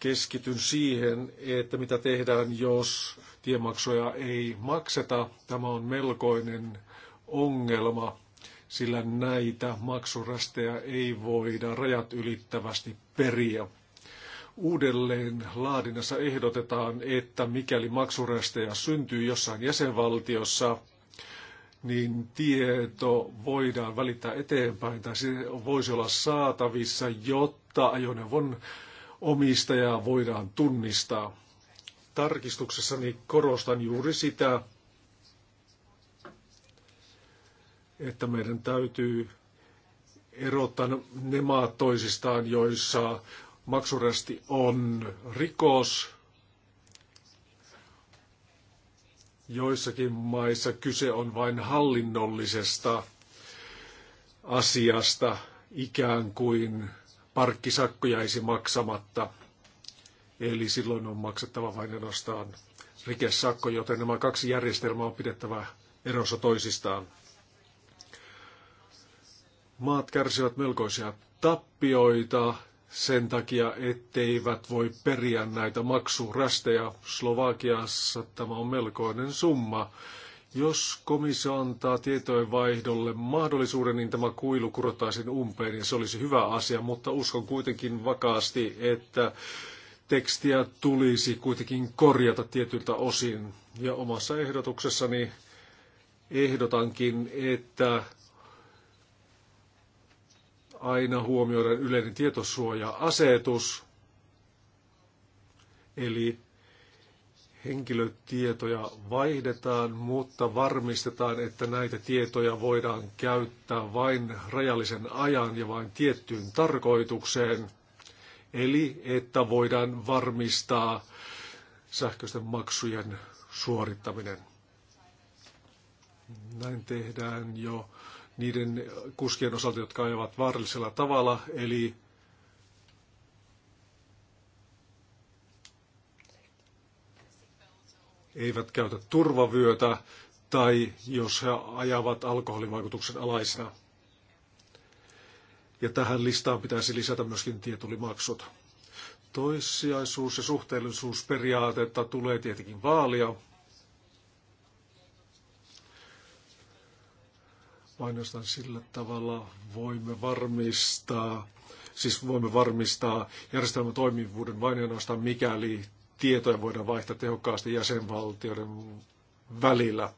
keskityn siihen, että mitä tehdään, jos tiemaksuja ei makseta. Tämä on melkoinen ongelma, sillä näitä maksurästejä ei voida rajat ylittävästi periä. Uudelleen laadinnassa ehdotetaan, että mikäli maksurästejä syntyy jossain jäsenvaltiossa, niin tieto voidaan välittää eteenpäin tai se voisi olla saatavissa, jotta ajoneuvon omistajaa voidaan tunnistaa. Tarkistuksessani korostan juuri sitä, että meidän täytyy erottaa ne maat toisistaan, joissa maksurästi on rikos. Joissakin maissa kyse on vain hallinnollisesta asiasta, ikään kuin parkkisakko jäisi maksamatta. Eli silloin on maksettava vain ainoastaan rikesakko, joten nämä kaksi järjestelmää on pidettävä erossa toisistaan. Maat kärsivät melkoisia tappioita sen takia, etteivät voi periä näitä maksurasteja. Slovakiassa tämä on melkoinen summa. Jos komissio antaa vaihdolle mahdollisuuden, niin tämä kuilu kurottaisiin umpeen ja se olisi hyvä asia, mutta uskon kuitenkin vakaasti, että tekstiä tulisi kuitenkin korjata tietyiltä osin. Ja omassa ehdotuksessani ehdotankin, että aina huomioidaan yleinen tietosuoja-asetus, eli henkilötietoja vaihdetaan, mutta varmistetaan, että näitä tietoja voidaan käyttää vain rajallisen ajan ja vain tiettyyn tarkoitukseen. Eli että voidaan varmistaa sähköisten maksujen suorittaminen. Näin tehdään jo niiden kuskien osalta, jotka ajavat vaarallisella tavalla, eli eivät käytä turvavyötä tai jos he ajavat alkoholin vaikutuksen alaisena. Ja tähän listaan pitäisi lisätä myöskin tietulimaksut. Toissijaisuus- ja suhteellisuusperiaatetta tulee tietenkin vaalia. Ainoastaan sillä tavalla voimme varmistaa, siis voimme varmistaa järjestelmän toimivuuden vain ainoastaan mikäli tietoja voidaan vaihtaa tehokkaasti jäsenvaltioiden välillä.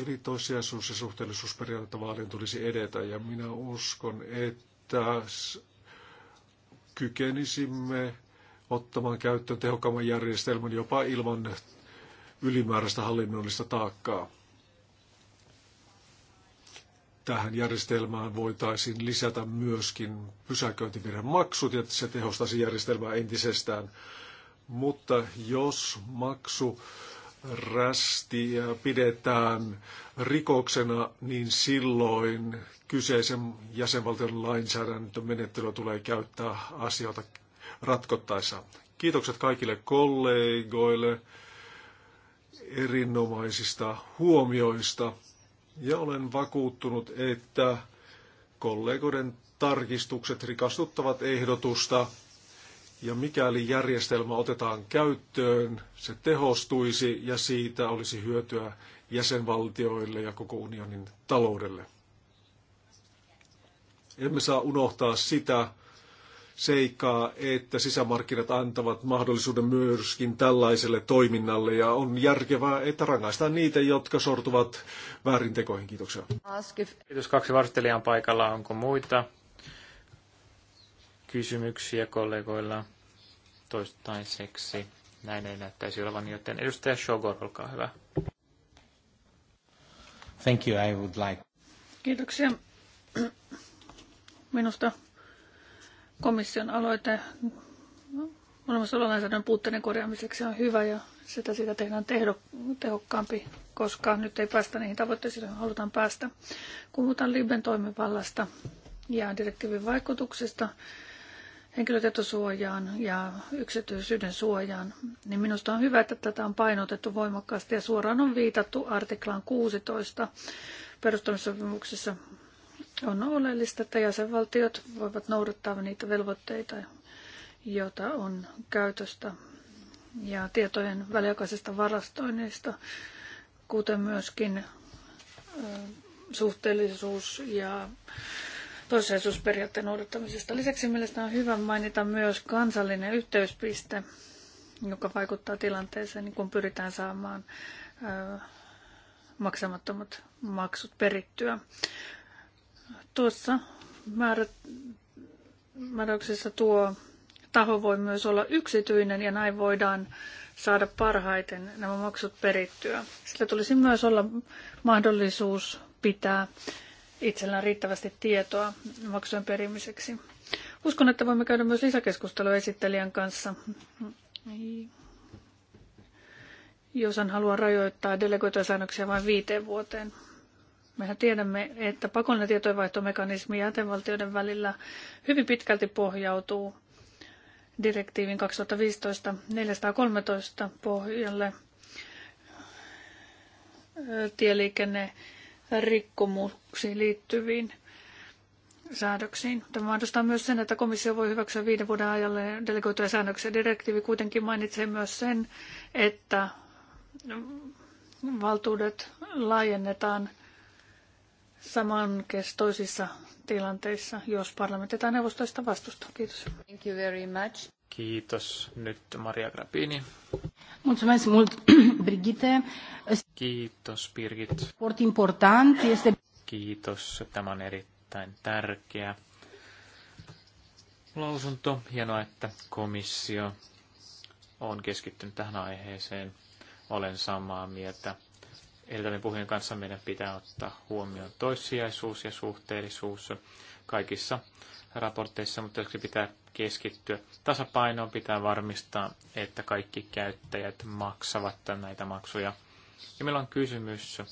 Eli toissijaisuus- ja suhteellisuusperiaatetta vaalien tulisi edetä, ja minä uskon, että kykenisimme ottamaan käyttöön tehokkaamman järjestelmän jopa ilman ylimääräistä hallinnollista taakkaa. Tähän järjestelmään voitaisiin lisätä myöskin pysäköintivirhemaksut, ja se tehostaisi järjestelmää entisestään. Mutta jos maksu rästiä pidetään rikoksena, niin silloin kyseisen jäsenvaltion lainsäädäntömenettelyä tulee käyttää asioita ratkottaessa. Kiitokset kaikille kollegoille erinomaisista huomioista ja olen vakuuttunut, että kollegoiden tarkistukset rikastuttavat ehdotusta ja mikäli järjestelmä otetaan käyttöön, se tehostuisi ja siitä olisi hyötyä jäsenvaltioille ja koko unionin taloudelle. Emme saa unohtaa sitä seikkaa, että sisämarkkinat antavat mahdollisuuden myöskin tällaiselle toiminnalle ja on järkevää, että rangaistaan niitä, jotka sortuvat väärintekoihin. Kiitoksia. Kiitos kaksi varstelijan paikalla. Onko muita kysymyksiä kollegoilla toistaiseksi. Näin ei näyttäisi olevan, joten edustaja Shogor, olkaa hyvä. Thank you, I would like. Kiitoksia. Minusta komission aloite olemassa olevan lainsäädännön puutteiden korjaamiseksi on hyvä ja sitä siitä tehdään tehdo, tehokkaampi, koska nyt ei päästä niihin tavoitteisiin, joihin halutaan päästä. Kun puhutaan Liben toimivallasta ja direktiivin vaikutuksista, henkilötietosuojaan ja yksityisyyden suojaan, niin minusta on hyvä, että tätä on painotettu voimakkaasti ja suoraan on viitattu artiklaan 16 perustamissopimuksessa. On oleellista, että jäsenvaltiot voivat noudattaa niitä velvoitteita, joita on käytöstä ja tietojen väliaikaisesta varastoinnista, kuten myöskin suhteellisuus ja toisaisuusperiaatteen noudattamisesta. Lisäksi mielestäni on hyvä mainita myös kansallinen yhteyspiste, joka vaikuttaa tilanteeseen, niin kun pyritään saamaan maksamattomat maksut perittyä. Tuossa määräyksessä tuo taho voi myös olla yksityinen ja näin voidaan saada parhaiten nämä maksut perittyä. Sillä tulisi myös olla mahdollisuus pitää itsellään riittävästi tietoa maksujen perimiseksi. Uskon, että voimme käydä myös lisäkeskustelua esittelijän kanssa, jos hän haluaa rajoittaa delegoituja säännöksiä vain viiteen vuoteen. Mehän tiedämme, että pakollinen tietojenvaihtomekanismi jäsenvaltioiden välillä hyvin pitkälti pohjautuu direktiivin 2015-413 pohjalle tieliikenne- rikkomuksiin liittyviin säädöksiin. Tämä mahdollistaa myös sen, että komissio voi hyväksyä viiden vuoden ajalle delegoituja säännöksiä. Direktiivi kuitenkin mainitsee myös sen, että valtuudet laajennetaan samankestoisissa tilanteissa, jos parlamentti tai neuvostoista vastustaa. Kiitos. Thank you very much. Kiitos. Nyt Maria Grappini. Mulțumesc mult, *clears throat* Brigitte. Kiitos, Birgit. Sport important este... Kiitos, tämä on erittäin tärkeä lausunto. Hienoa, että komissio on keskittynyt tähän aiheeseen. Olen samaa mieltä. Edeltävien puheen kanssa meidän pitää ottaa huomioon toissijaisuus ja suhteellisuus kaikissa raporteissa, mutta se pitää keskittyä tasapainoon, pitää varmistaa, että kaikki käyttäjät maksavat näitä maksuja. Ja meillä on kysymys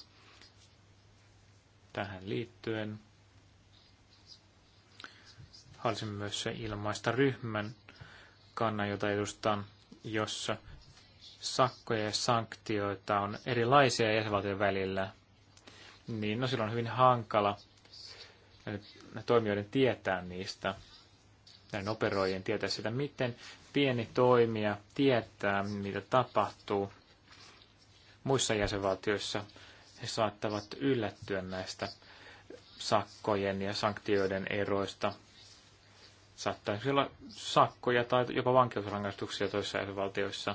tähän liittyen. Haluaisin myös ilmaista ryhmän kannan, jota edustan, jossa sakkoja ja sanktioita on erilaisia jäsenvaltion välillä, niin no silloin on hyvin hankala toimijoiden tietää niistä näiden operoijien tietää sitä, miten pieni toimija tietää, mitä tapahtuu muissa jäsenvaltioissa. He saattavat yllättyä näistä sakkojen ja sanktioiden eroista. Saattaa olla sakkoja tai jopa vankeusrangaistuksia toisissa jäsenvaltioissa.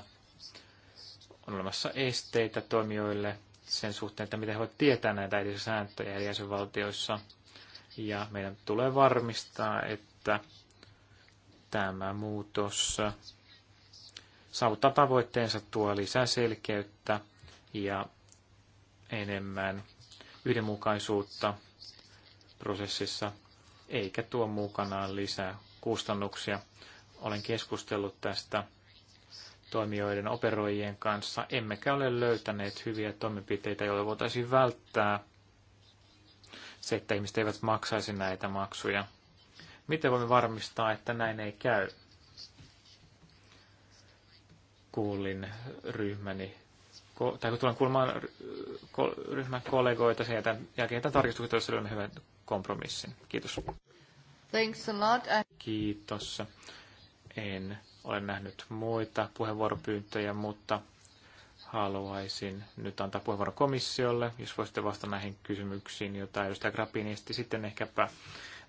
On olemassa esteitä toimijoille sen suhteen, että miten he voivat tietää näitä edellisiä sääntöjä eri jäsenvaltioissa. Ja meidän tulee varmistaa, että tämä muutos saavuttaa tavoitteensa, tuo lisää selkeyttä ja enemmän yhdenmukaisuutta prosessissa, eikä tuo mukanaan lisää kustannuksia. Olen keskustellut tästä toimijoiden operoijien kanssa, emmekä ole löytäneet hyviä toimenpiteitä, joilla voitaisiin välttää se, että ihmiset eivät maksaisi näitä maksuja. Miten voimme varmistaa, että näin ei käy? Kuulin ryhmäni, tai kun tulen kuulemaan ryhmän kollegoita, sen jätän, jälkeen tämän tarkistukset, jos löydämme hyvän kompromissin. Kiitos. Thanks a lot. Kiitos. En ole nähnyt muita puheenvuoropyyntöjä, mutta haluaisin nyt antaa puheenvuoron komissiolle, jos voisitte vastata näihin kysymyksiin, joita edustaja Grappini esti sitten ehkäpä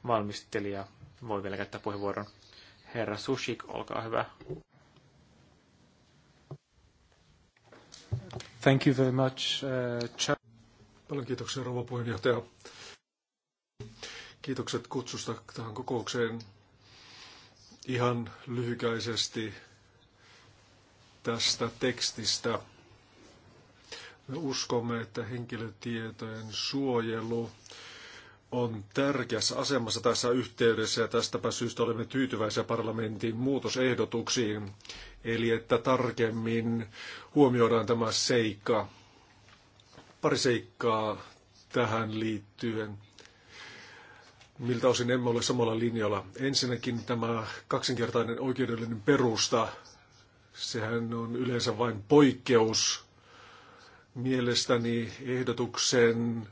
valmistelija voi vielä käyttää puheenvuoron. Herra Sushik, olkaa hyvä. Thank you very much, uh, Paljon kiitoksia, rouva puheenjohtaja. Kiitokset kutsusta tähän kokoukseen. Ihan lyhykäisesti tästä tekstistä. Me uskomme, että henkilötietojen suojelu on tärkeässä asemassa tässä yhteydessä ja tästäpä syystä olemme tyytyväisiä parlamentin muutosehdotuksiin, eli että tarkemmin huomioidaan tämä seikka. Pari seikkaa tähän liittyen, miltä osin emme ole samalla linjalla. Ensinnäkin tämä kaksinkertainen oikeudellinen perusta, sehän on yleensä vain poikkeus. Mielestäni ehdotuksen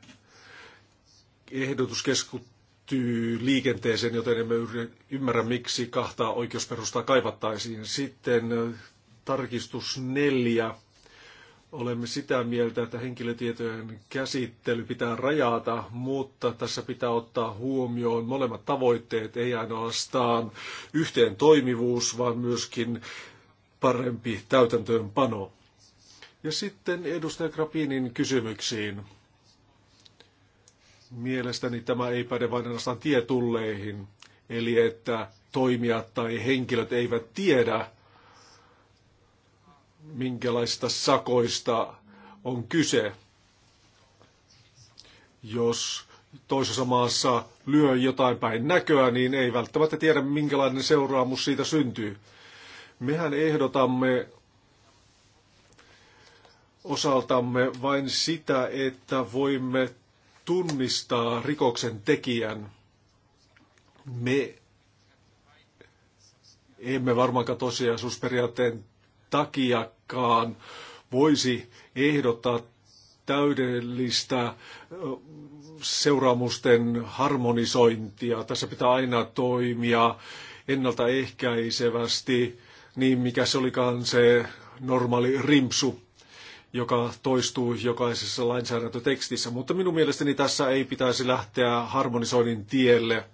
ehdotus keskittyy liikenteeseen, joten emme ymmärrä, miksi kahta oikeusperustaa kaivattaisiin. Sitten tarkistus neljä. Olemme sitä mieltä, että henkilötietojen käsittely pitää rajata, mutta tässä pitää ottaa huomioon molemmat tavoitteet, ei ainoastaan yhteen toimivuus, vaan myöskin parempi täytäntöönpano. Ja sitten edustaja Krapinin kysymyksiin. Mielestäni tämä ei päde vain ainoastaan tietulleihin, eli että toimijat tai henkilöt eivät tiedä, minkälaisista sakoista on kyse. Jos toisessa maassa lyö jotain päin näköä, niin ei välttämättä tiedä, minkälainen seuraamus siitä syntyy. Mehän ehdotamme osaltamme vain sitä, että voimme tunnistaa rikoksen tekijän. Me emme varmaankaan tosiasuusperiaatteen takiakaan voisi ehdottaa täydellistä seuraamusten harmonisointia. Tässä pitää aina toimia ennaltaehkäisevästi, niin mikä se olikaan se normaali rimpsu joka toistuu jokaisessa lainsäädäntötekstissä, mutta minun mielestäni tässä ei pitäisi lähteä harmonisoinnin tielle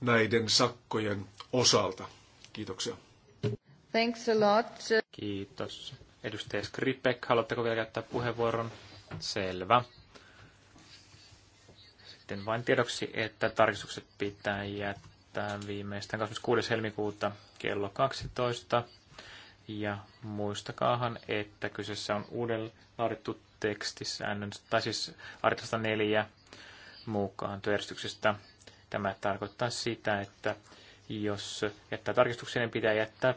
näiden sakkojen osalta. Kiitoksia. Thanks a lot. Kiitos. Edustaja Skripek, haluatteko vielä käyttää puheenvuoron? Selvä. Sitten vain tiedoksi, että tarkistukset pitää jättää viimeistään 26. helmikuuta kello 12. Ja muistakaahan, että kyseessä on uudelleen laadittu teksti säännön, tai siis artiklasta 4 mukaan työjärjestyksestä. Tämä tarkoittaa sitä, että jos jättää tarkistuksen, niin pitää jättää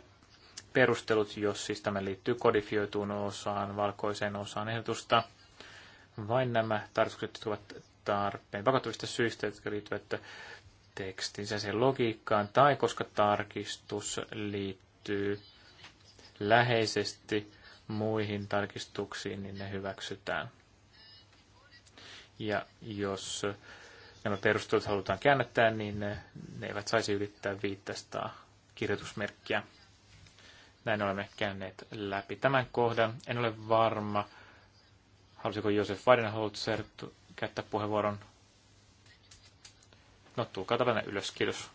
perustelut, jos siis tämä liittyy kodifioituun osaan, valkoiseen osaan ehdotusta. Vain nämä tarkistukset ovat tarpeen pakottavista syistä, jotka liittyvät tekstinsä sen logiikkaan, tai koska tarkistus liittyy läheisesti muihin tarkistuksiin, niin ne hyväksytään. Ja jos nämä perustelut halutaan käännettää, niin ne, ne eivät saisi ylittää 500 kirjoitusmerkkiä. Näin olemme käyneet läpi tämän kohdan. En ole varma, halusiko Josef Weidenholzer käyttää puheenvuoron. No, tulkaa tällainen ylös. Kiitos.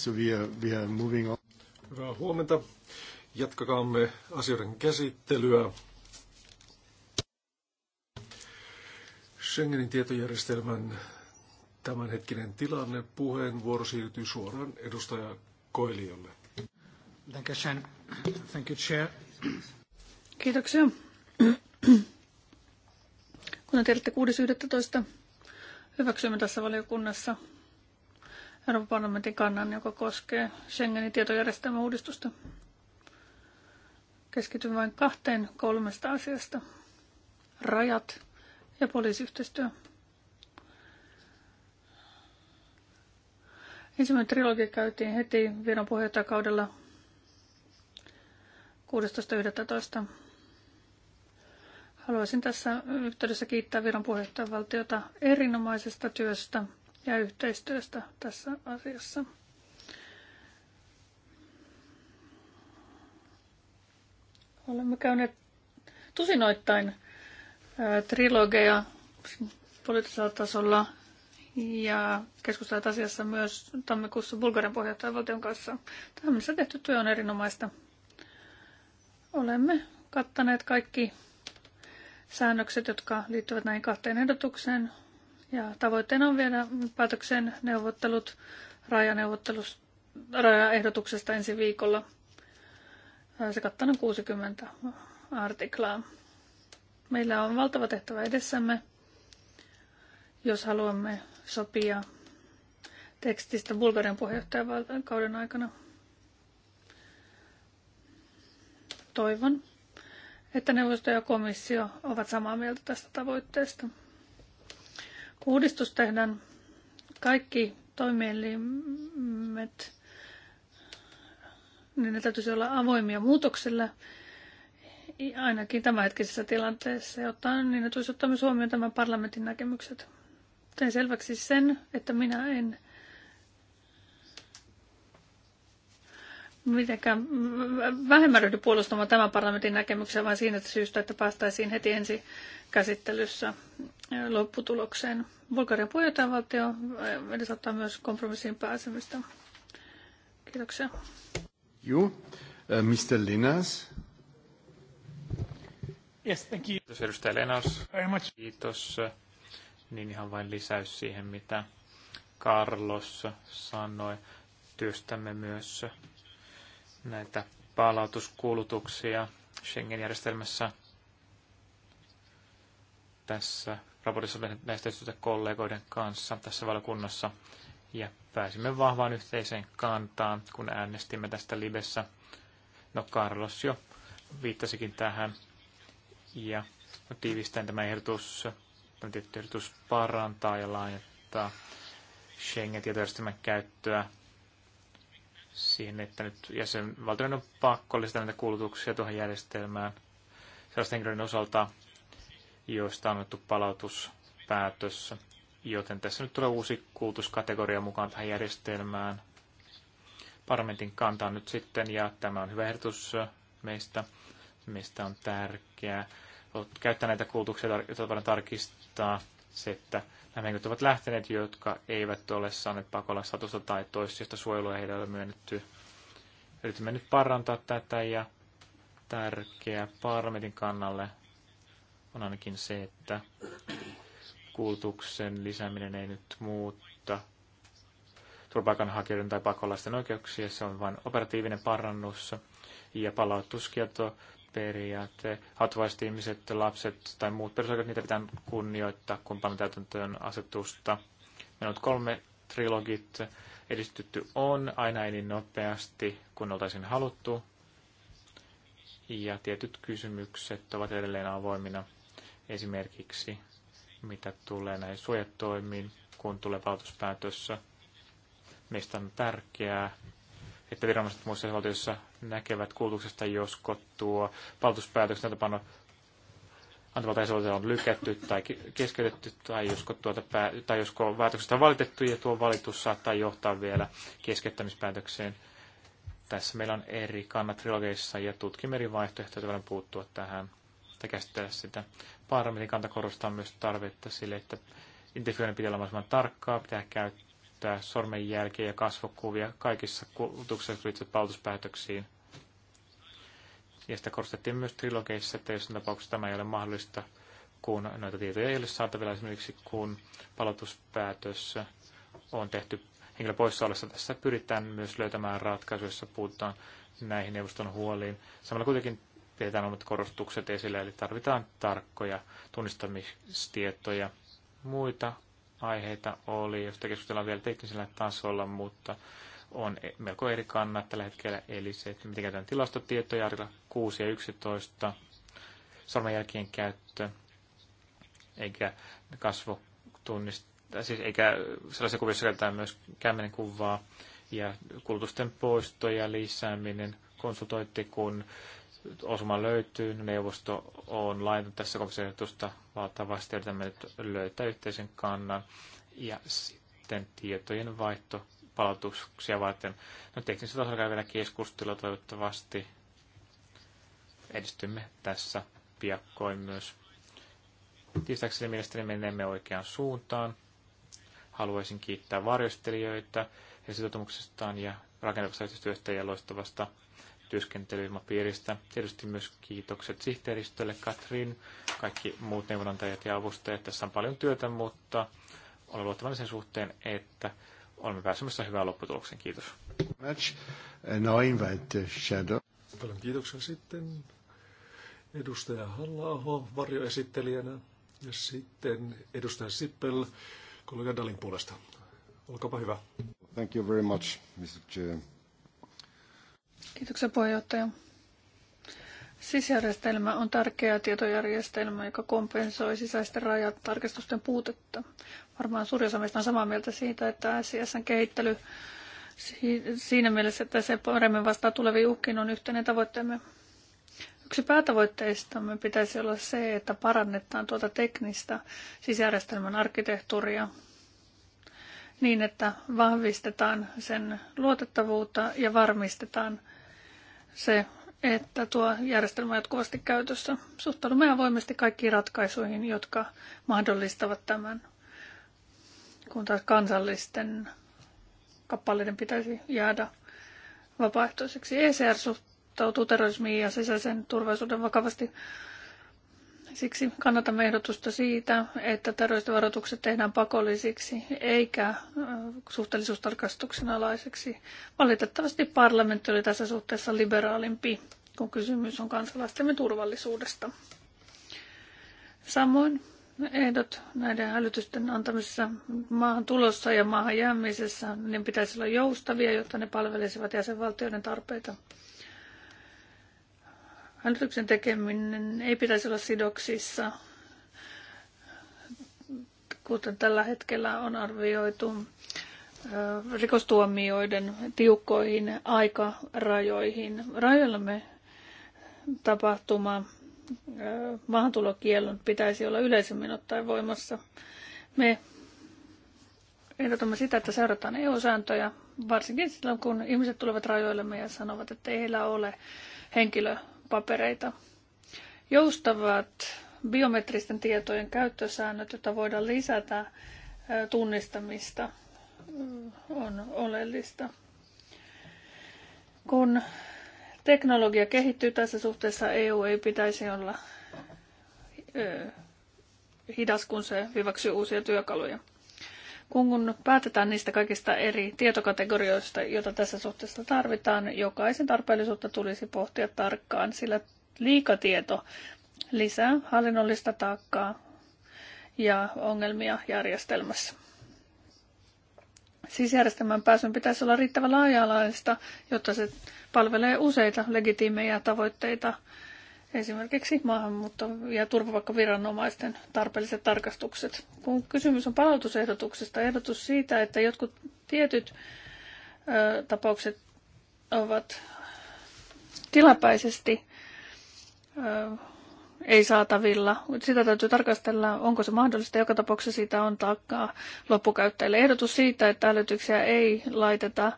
So we are, we are moving on. Hyvää huomenta. Jatkakaamme asioiden käsittelyä. Schengenin tietojärjestelmän tämänhetkinen tilanne. Puheenvuoro siirtyy suoraan edustaja Koiliolle. Thank you, Chair. Kiitoksia. Kuten tiedätte, 6.11. hyväksymme tässä valiokunnassa Euroopan parlamentin kannan, joka koskee Schengenin tietojärjestelmän uudistusta. Keskityn vain kahteen kolmesta asiasta. Rajat ja poliisiyhteistyö. Ensimmäinen trilogi käytiin heti Viron puheenjohtajakaudella 16.11. Haluaisin tässä yhteydessä kiittää Viron puheenjohtajavaltiota erinomaisesta työstä – ja yhteistyöstä tässä asiassa. Olemme käyneet tusinoittain trilogeja poliittisella tasolla ja keskustelut asiassa myös tammikuussa Bulgarian puheenjohtajavaltion kanssa. Tähän tehty työ on erinomaista. Olemme kattaneet kaikki säännökset, jotka liittyvät näihin kahteen ehdotukseen. Ja tavoitteena on viedä päätökseen neuvottelut rajaehdotuksesta ensi viikolla. Se kattaa noin 60 artiklaa. Meillä on valtava tehtävä edessämme, jos haluamme sopia tekstistä Bulgarian puheenjohtajakauden aikana. Toivon, että neuvosto ja komissio ovat samaa mieltä tästä tavoitteesta. Uudistus tehdään kaikki toimielimet, niin ne täytyisi olla avoimia muutoksille, ainakin tämänhetkisessä tilanteessa, jotta niin ne tulisi ottaa myös huomioon tämän parlamentin näkemykset. Tein selväksi sen, että minä en mitenkään vähemmän ryhdy puolustamaan tämän parlamentin näkemyksiä, vaan siinä syystä, että päästäisiin heti ensi käsittelyssä lopputulokseen. Bulgarian puheenjohtajavaltio edesauttaa myös kompromissiin pääsemistä. Kiitoksia. Joo. Mr. Linas. Yes, thank you. Kiitos edustaja Lenas. Very much. Kiitos. Niin ihan vain lisäys siihen, mitä Carlos sanoi. Työstämme myös näitä palautuskuulutuksia Schengen-järjestelmässä. Tässä raportissa näistä yhteistyötä kollegoiden kanssa tässä valokunnassa ja pääsimme vahvaan yhteiseen kantaan, kun äänestimme tästä libessä. No Carlos jo viittasikin tähän ja no, tiivistäen tämä ehdotus, tämä tietty ehdotus parantaa ja laajentaa Schengen-tietojärjestelmän käyttöä siihen, että nyt jäsenvaltioiden on pakko lisätä näitä kulutuksia tuohon järjestelmään sellaisten henkilöiden osalta, joista on annettu palautuspäätös. Joten tässä nyt tulee uusi kulutuskategoria mukaan tähän järjestelmään. Parlamentin on nyt sitten, ja tämä on hyvä ehdotus meistä, mistä on tärkeää käyttää näitä kulutuksia jota tarkistaa se, että nämä henkilöt ovat lähteneet, jotka eivät ole saaneet pakolaisstatusta tai toissijaista suojelua heidän ole myönnetty. Yritimme nyt parantaa tätä ja tärkeä parlamentin kannalle on ainakin se, että kuulutuksen lisääminen ei nyt muutta turvapaikanhakijoiden tai pakolaisten oikeuksia. Se on vain operatiivinen parannus ja palautuskielto periaate. Hatvaiset ihmiset, lapset tai muut perusoikeudet, niitä pitää kunnioittaa, kun täytäntöön asetusta. Meillä on kolme trilogit. Edistytty on aina ei niin nopeasti kuin oltaisiin haluttu. Ja tietyt kysymykset ovat edelleen avoimina. Esimerkiksi mitä tulee näihin suojatoimiin, kun tulee valtuuspäätössä. Meistä on tärkeää, että viranomaiset muissa valtioissa näkevät kulutuksesta, josko tuo palautuspäätöksen täytäntöpano antavalta jäsenvaltiolla on lykätty tai keskeytetty, tai josko, tuota pää, tai josko päätöksestä on valitettu, ja tuo valitus saattaa johtaa vielä keskeyttämispäätökseen. Tässä meillä on eri kannat trilogeissa, ja tutkimme eri vaihtoehtoja, joita puuttua tähän tai käsitellä sitä. Parlamentin kanta korostaa myös tarvetta sille, että intervjuiden pitää olla mahdollisimman tarkkaa, pitää käyttää käyttää sormenjälkiä ja kasvokuvia kaikissa kulutuksessa liittyvissä palautuspäätöksiin. Ja sitä korostettiin myös trilogeissa, että jos tapauksessa tämä ei ole mahdollista, kun noita tietoja ei ole saatavilla esimerkiksi, kun palautuspäätös on tehty henkilö poissaolessa. Tässä pyritään myös löytämään ratkaisu, jossa puhutaan näihin neuvoston huoliin. Samalla kuitenkin pidetään omat korostukset esille, eli tarvitaan tarkkoja tunnistamistietoja. Muita aiheita oli, joista keskustellaan vielä teknisellä tasolla, mutta on e- melko eri kannat tällä hetkellä, eli se, että miten käytetään tilastotietoja, 6 ja 11, sormenjälkien käyttö, eikä kasvotunnista, siis eikä sellaisia kuvissa käytetään myös kämmenen kuvaa, ja kulutusten poisto ja lisääminen konsultointi kun osuma löytyy. Neuvosto on laitunut tässä komissioehdotusta valtavasti. me nyt löytää yhteisen kannan ja sitten tietojen vaihto palautuksia varten. No teknisellä tasolla vielä keskustelua toivottavasti. Edistymme tässä piakkoin myös. Tiistaakseni mielestäni menemme oikeaan suuntaan. Haluaisin kiittää varjostelijoita ja sitoutumuksestaan ja rakentavasta yhteistyöstä ja loistavasta työskentelyilmapiiristä. Tietysti myös kiitokset sihteeristölle, Katrin, kaikki muut neuvonantajat ja avustajat. Tässä on paljon työtä, mutta olen luottavainen sen suhteen, että olemme pääsemässä hyvään lopputulokseen. Kiitos. Uh, paljon kiitoksia sitten edustaja Halla-aho varjoesittelijänä ja sitten edustaja Sippel kollega Dalin puolesta. Olkaapa hyvä. Thank you very much, Mr. Chair. Kiitoksia puheenjohtaja. Sisjärjestelmä on tärkeä tietojärjestelmä, joka kompensoi sisäisten rajatarkistusten puutetta. Varmaan suuri osa meistä on samaa mieltä siitä, että SISn kehittely siinä mielessä, että se paremmin vastaa tuleviin uhkiin, on yhteinen tavoitteemme. Yksi päätavoitteistamme pitäisi olla se, että parannetaan tuota teknistä sisäjärjestelmän arkkitehtuuria niin, että vahvistetaan sen luotettavuutta ja varmistetaan se, että tuo järjestelmä on jatkuvasti käytössä. Suhtaudumme avoimesti kaikkiin ratkaisuihin, jotka mahdollistavat tämän, kun taas kansallisten kappaleiden pitäisi jäädä vapaaehtoiseksi. ECR suhtautuu terrorismiin ja sisäisen turvallisuuden vakavasti Siksi kannatamme ehdotusta siitä, että terroristivaroitukset tehdään pakollisiksi eikä suhteellisuustarkastuksen alaiseksi. Valitettavasti parlamentti oli tässä suhteessa liberaalimpi, kun kysymys on kansalaistemme turvallisuudesta. Samoin ehdot näiden hälytysten antamisessa maahan tulossa ja maahan jäämisessä, niin pitäisi olla joustavia, jotta ne palvelisivat jäsenvaltioiden tarpeita. Hallituksen tekeminen ei pitäisi olla sidoksissa, kuten tällä hetkellä on arvioitu, rikostuomioiden tiukkoihin aikarajoihin. Rajoillamme tapahtuma maahantulokiellon pitäisi olla yleisemmin ottaen voimassa. Me ehdotamme sitä, että seurataan EU-sääntöjä, varsinkin silloin kun ihmiset tulevat rajoillemme ja sanovat, että ei heillä ole henkilö papereita. Joustavat biometristen tietojen käyttösäännöt, joita voidaan lisätä tunnistamista, on oleellista. Kun teknologia kehittyy tässä suhteessa, EU ei pitäisi olla hidas, kun se hyväksyy uusia työkaluja kun päätetään niistä kaikista eri tietokategorioista, joita tässä suhteessa tarvitaan, jokaisen tarpeellisuutta tulisi pohtia tarkkaan, sillä liikatieto lisää hallinnollista taakkaa ja ongelmia järjestelmässä. Sisjärjestelmän pääsyn pitäisi olla riittävän laaja-alaista, jotta se palvelee useita legitiimejä tavoitteita esimerkiksi maahanmuutto- ja turvapaikkaviranomaisten tarpeelliset tarkastukset. Kun kysymys on palautusehdotuksesta, ehdotus siitä, että jotkut tietyt ö, tapaukset ovat tilapäisesti ö, ei saatavilla. Sitä täytyy tarkastella, onko se mahdollista. Joka tapauksessa siitä on taakkaa loppukäyttäjille. Ehdotus siitä, että älytyksiä ei laiteta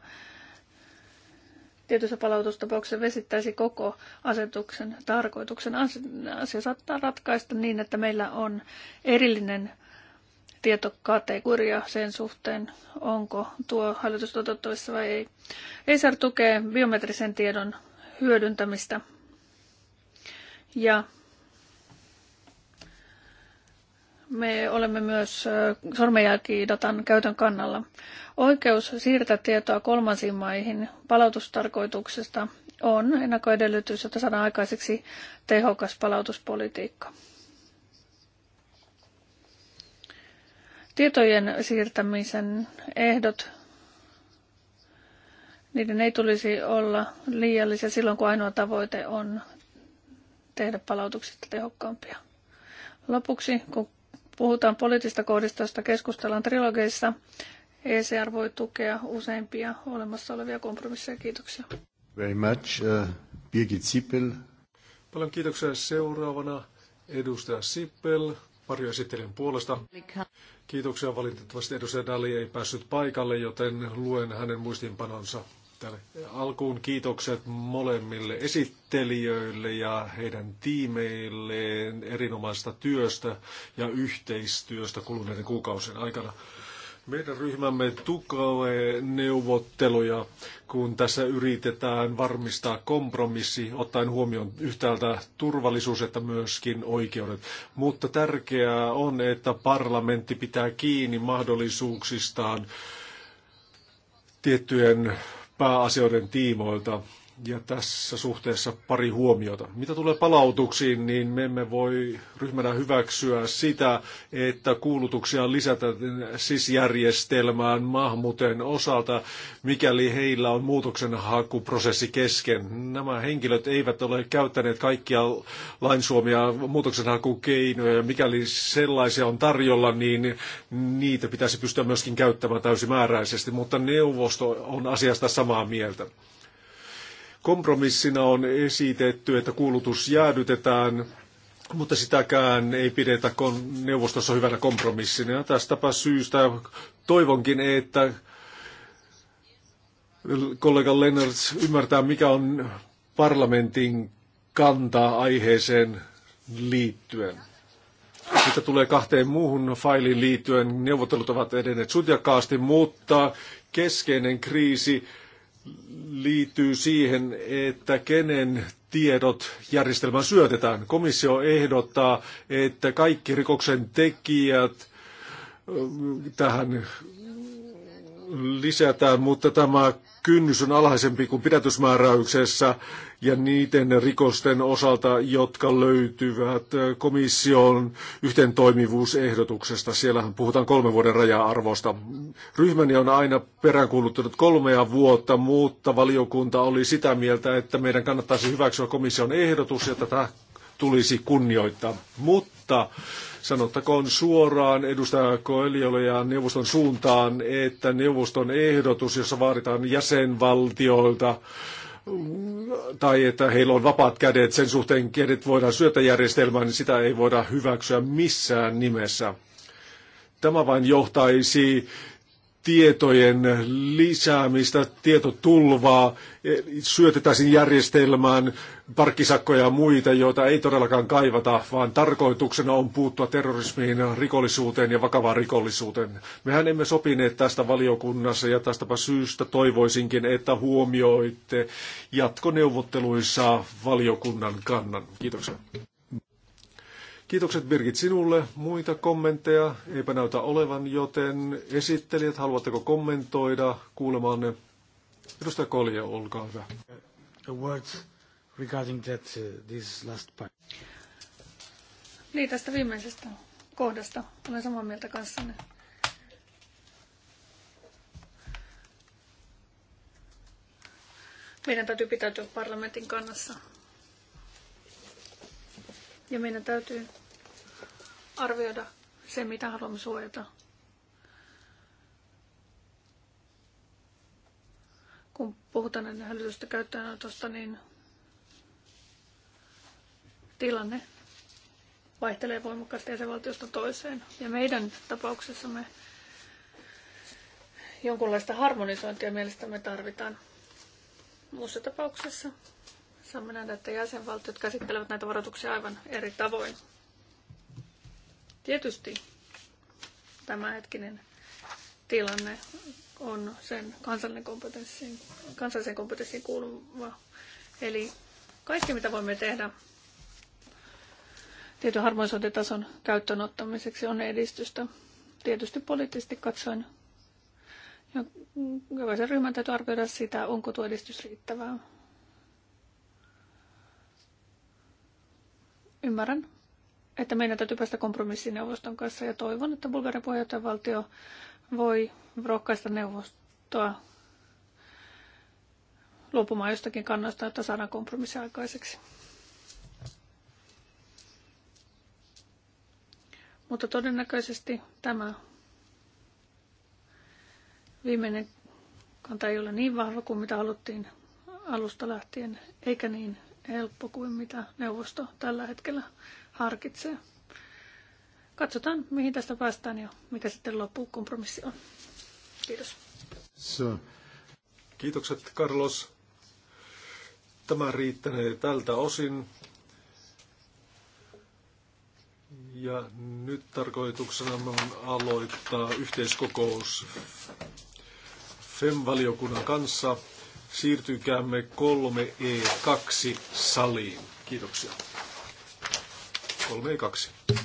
tietyssä palautustapauksessa vesittäisi koko asetuksen tarkoituksen. Asia saattaa ratkaista niin, että meillä on erillinen tietokategoria sen suhteen, onko tuo hallitus toteuttavissa vai ei. ESR tukee biometrisen tiedon hyödyntämistä ja Me olemme myös sormenjälkidatan käytön kannalla. Oikeus siirtää tietoa kolmansiin maihin palautustarkoituksesta on ennakkoedellytys, jotta saadaan aikaiseksi tehokas palautuspolitiikka. Tietojen siirtämisen ehdot, niiden ei tulisi olla liiallisia silloin, kun ainoa tavoite on tehdä palautuksista tehokkaampia. Lopuksi, kun puhutaan poliittisista kohdista, joista keskustellaan trilogeissa. ECR voi tukea useimpia olemassa olevia kompromisseja. Kiitoksia. Very much. Uh, Birgit Sippel. Paljon kiitoksia seuraavana. Edustaja Sippel, varjoesittelijän puolesta. Kiitoksia. Valitettavasti edustaja Dali ei päässyt paikalle, joten luen hänen muistiinpanonsa tälle. Alkuun kiitokset molemmille esittelijöille ja heidän tiimeilleen erinomaista työstä ja yhteistyöstä kuluneiden kuukausien aikana. Meidän ryhmämme tukee neuvotteluja, kun tässä yritetään varmistaa kompromissi, ottaen huomioon yhtäältä turvallisuus, että myöskin oikeudet. Mutta tärkeää on, että parlamentti pitää kiinni mahdollisuuksistaan tiettyjen pääasioiden tiimoilta. Ja tässä suhteessa pari huomiota. Mitä tulee palautuksiin, niin me emme voi ryhmänä hyväksyä sitä, että kuulutuksia lisätään SIS-järjestelmään maahanmuuteen osalta, mikäli heillä on muutoksen hakuprosessi kesken. Nämä henkilöt eivät ole käyttäneet kaikkia lainsuomia muutoksenhakukeinoja, hakukeinoja, mikäli sellaisia on tarjolla, niin niitä pitäisi pystyä myöskin käyttämään täysimääräisesti, mutta neuvosto on asiasta samaa mieltä. Kompromissina on esitetty, että kuulutus jäädytetään, mutta sitäkään ei pidetä neuvostossa hyvänä kompromissina. Tästäpä syystä toivonkin, että kollega Lennart ymmärtää, mikä on parlamentin kantaa aiheeseen liittyen. Mitä tulee kahteen muuhun failiin liittyen, neuvottelut ovat edenneet sutjakkaasti, mutta keskeinen kriisi liittyy siihen, että kenen tiedot järjestelmään syötetään. Komissio ehdottaa, että kaikki rikoksen tekijät tähän lisätään, mutta tämä kynnys on alhaisempi kuin pidätysmääräyksessä ja niiden rikosten osalta, jotka löytyvät komission toimivuusehdotuksesta. Siellähän puhutaan kolmen vuoden raja-arvosta. Ryhmäni on aina peräänkuuluttanut kolmea vuotta, mutta valiokunta oli sitä mieltä, että meidän kannattaisi hyväksyä komission ehdotus ja tätä tulisi kunnioittaa. Mutta sanottakoon suoraan edustaja Koeliolle ja neuvoston suuntaan, että neuvoston ehdotus, jossa vaaditaan jäsenvaltioilta tai että heillä on vapaat kädet sen suhteen, kenet voidaan syötä järjestelmään, niin sitä ei voida hyväksyä missään nimessä. Tämä vain johtaisi tietojen lisäämistä, tietotulvaa, e, syötetään järjestelmään parkkisakkoja ja muita, joita ei todellakaan kaivata, vaan tarkoituksena on puuttua terrorismiin, rikollisuuteen ja vakavaan rikollisuuteen. Mehän emme sopineet tästä valiokunnassa ja tästäpä syystä toivoisinkin, että huomioitte jatkoneuvotteluissa valiokunnan kannan. Kiitoksia. Kiitokset Birgit sinulle. Muita kommentteja eipä näytä olevan, joten esittelijät, haluatteko kommentoida kuulemaanne? Edustaja Kolje, olkaa hyvä. A word regarding that, uh, this last part. Niin, tästä viimeisestä kohdasta. Olen samaa mieltä kanssanne. Meidän täytyy pitäytyä parlamentin kannassa. Ja meidän täytyy arvioida se, mitä haluamme suojata. Kun puhutaan näiden hälytystä käyttöönotosta, niin tilanne vaihtelee voimakkaasti jäsenvaltiosta toiseen. Ja meidän tapauksessamme jonkunlaista harmonisointia mielestämme tarvitaan. Muussa tapauksessa saamme nähdä, että jäsenvaltiot käsittelevät näitä varoituksia aivan eri tavoin. Tietysti tämä hetkinen tilanne on sen kansallisen kompetenssiin, kansallisen kompetenssiin kuuluva. Eli kaikki, mitä voimme tehdä tietyn harmonisointitason käyttöön ottamiseksi, on edistystä. Tietysti poliittisesti katsoen jokaisen ryhmän täytyy arvioida sitä, onko tuo edistys riittävää. Ymmärrän että meidän täytyy päästä kompromissiin neuvoston kanssa ja toivon, että Bulgarian puheenjohtajavaltio voi rohkaista neuvostoa luopumaan jostakin kannasta, että saadaan kompromissi aikaiseksi. Mutta todennäköisesti tämä viimeinen kanta ei ole niin vahva kuin mitä haluttiin alusta lähtien, eikä niin helppo kuin mitä neuvosto tällä hetkellä harkitsee. Katsotaan, mihin tästä päästään ja mikä sitten loppukompromissi on. Kiitos. So. Kiitokset, Carlos. Tämä riittänee tältä osin. Ja nyt tarkoituksena on aloittaa yhteiskokous FEM-valiokunnan kanssa. Siirtykäämme 3E2-saliin. E Kiitoksia. 3 ja 2.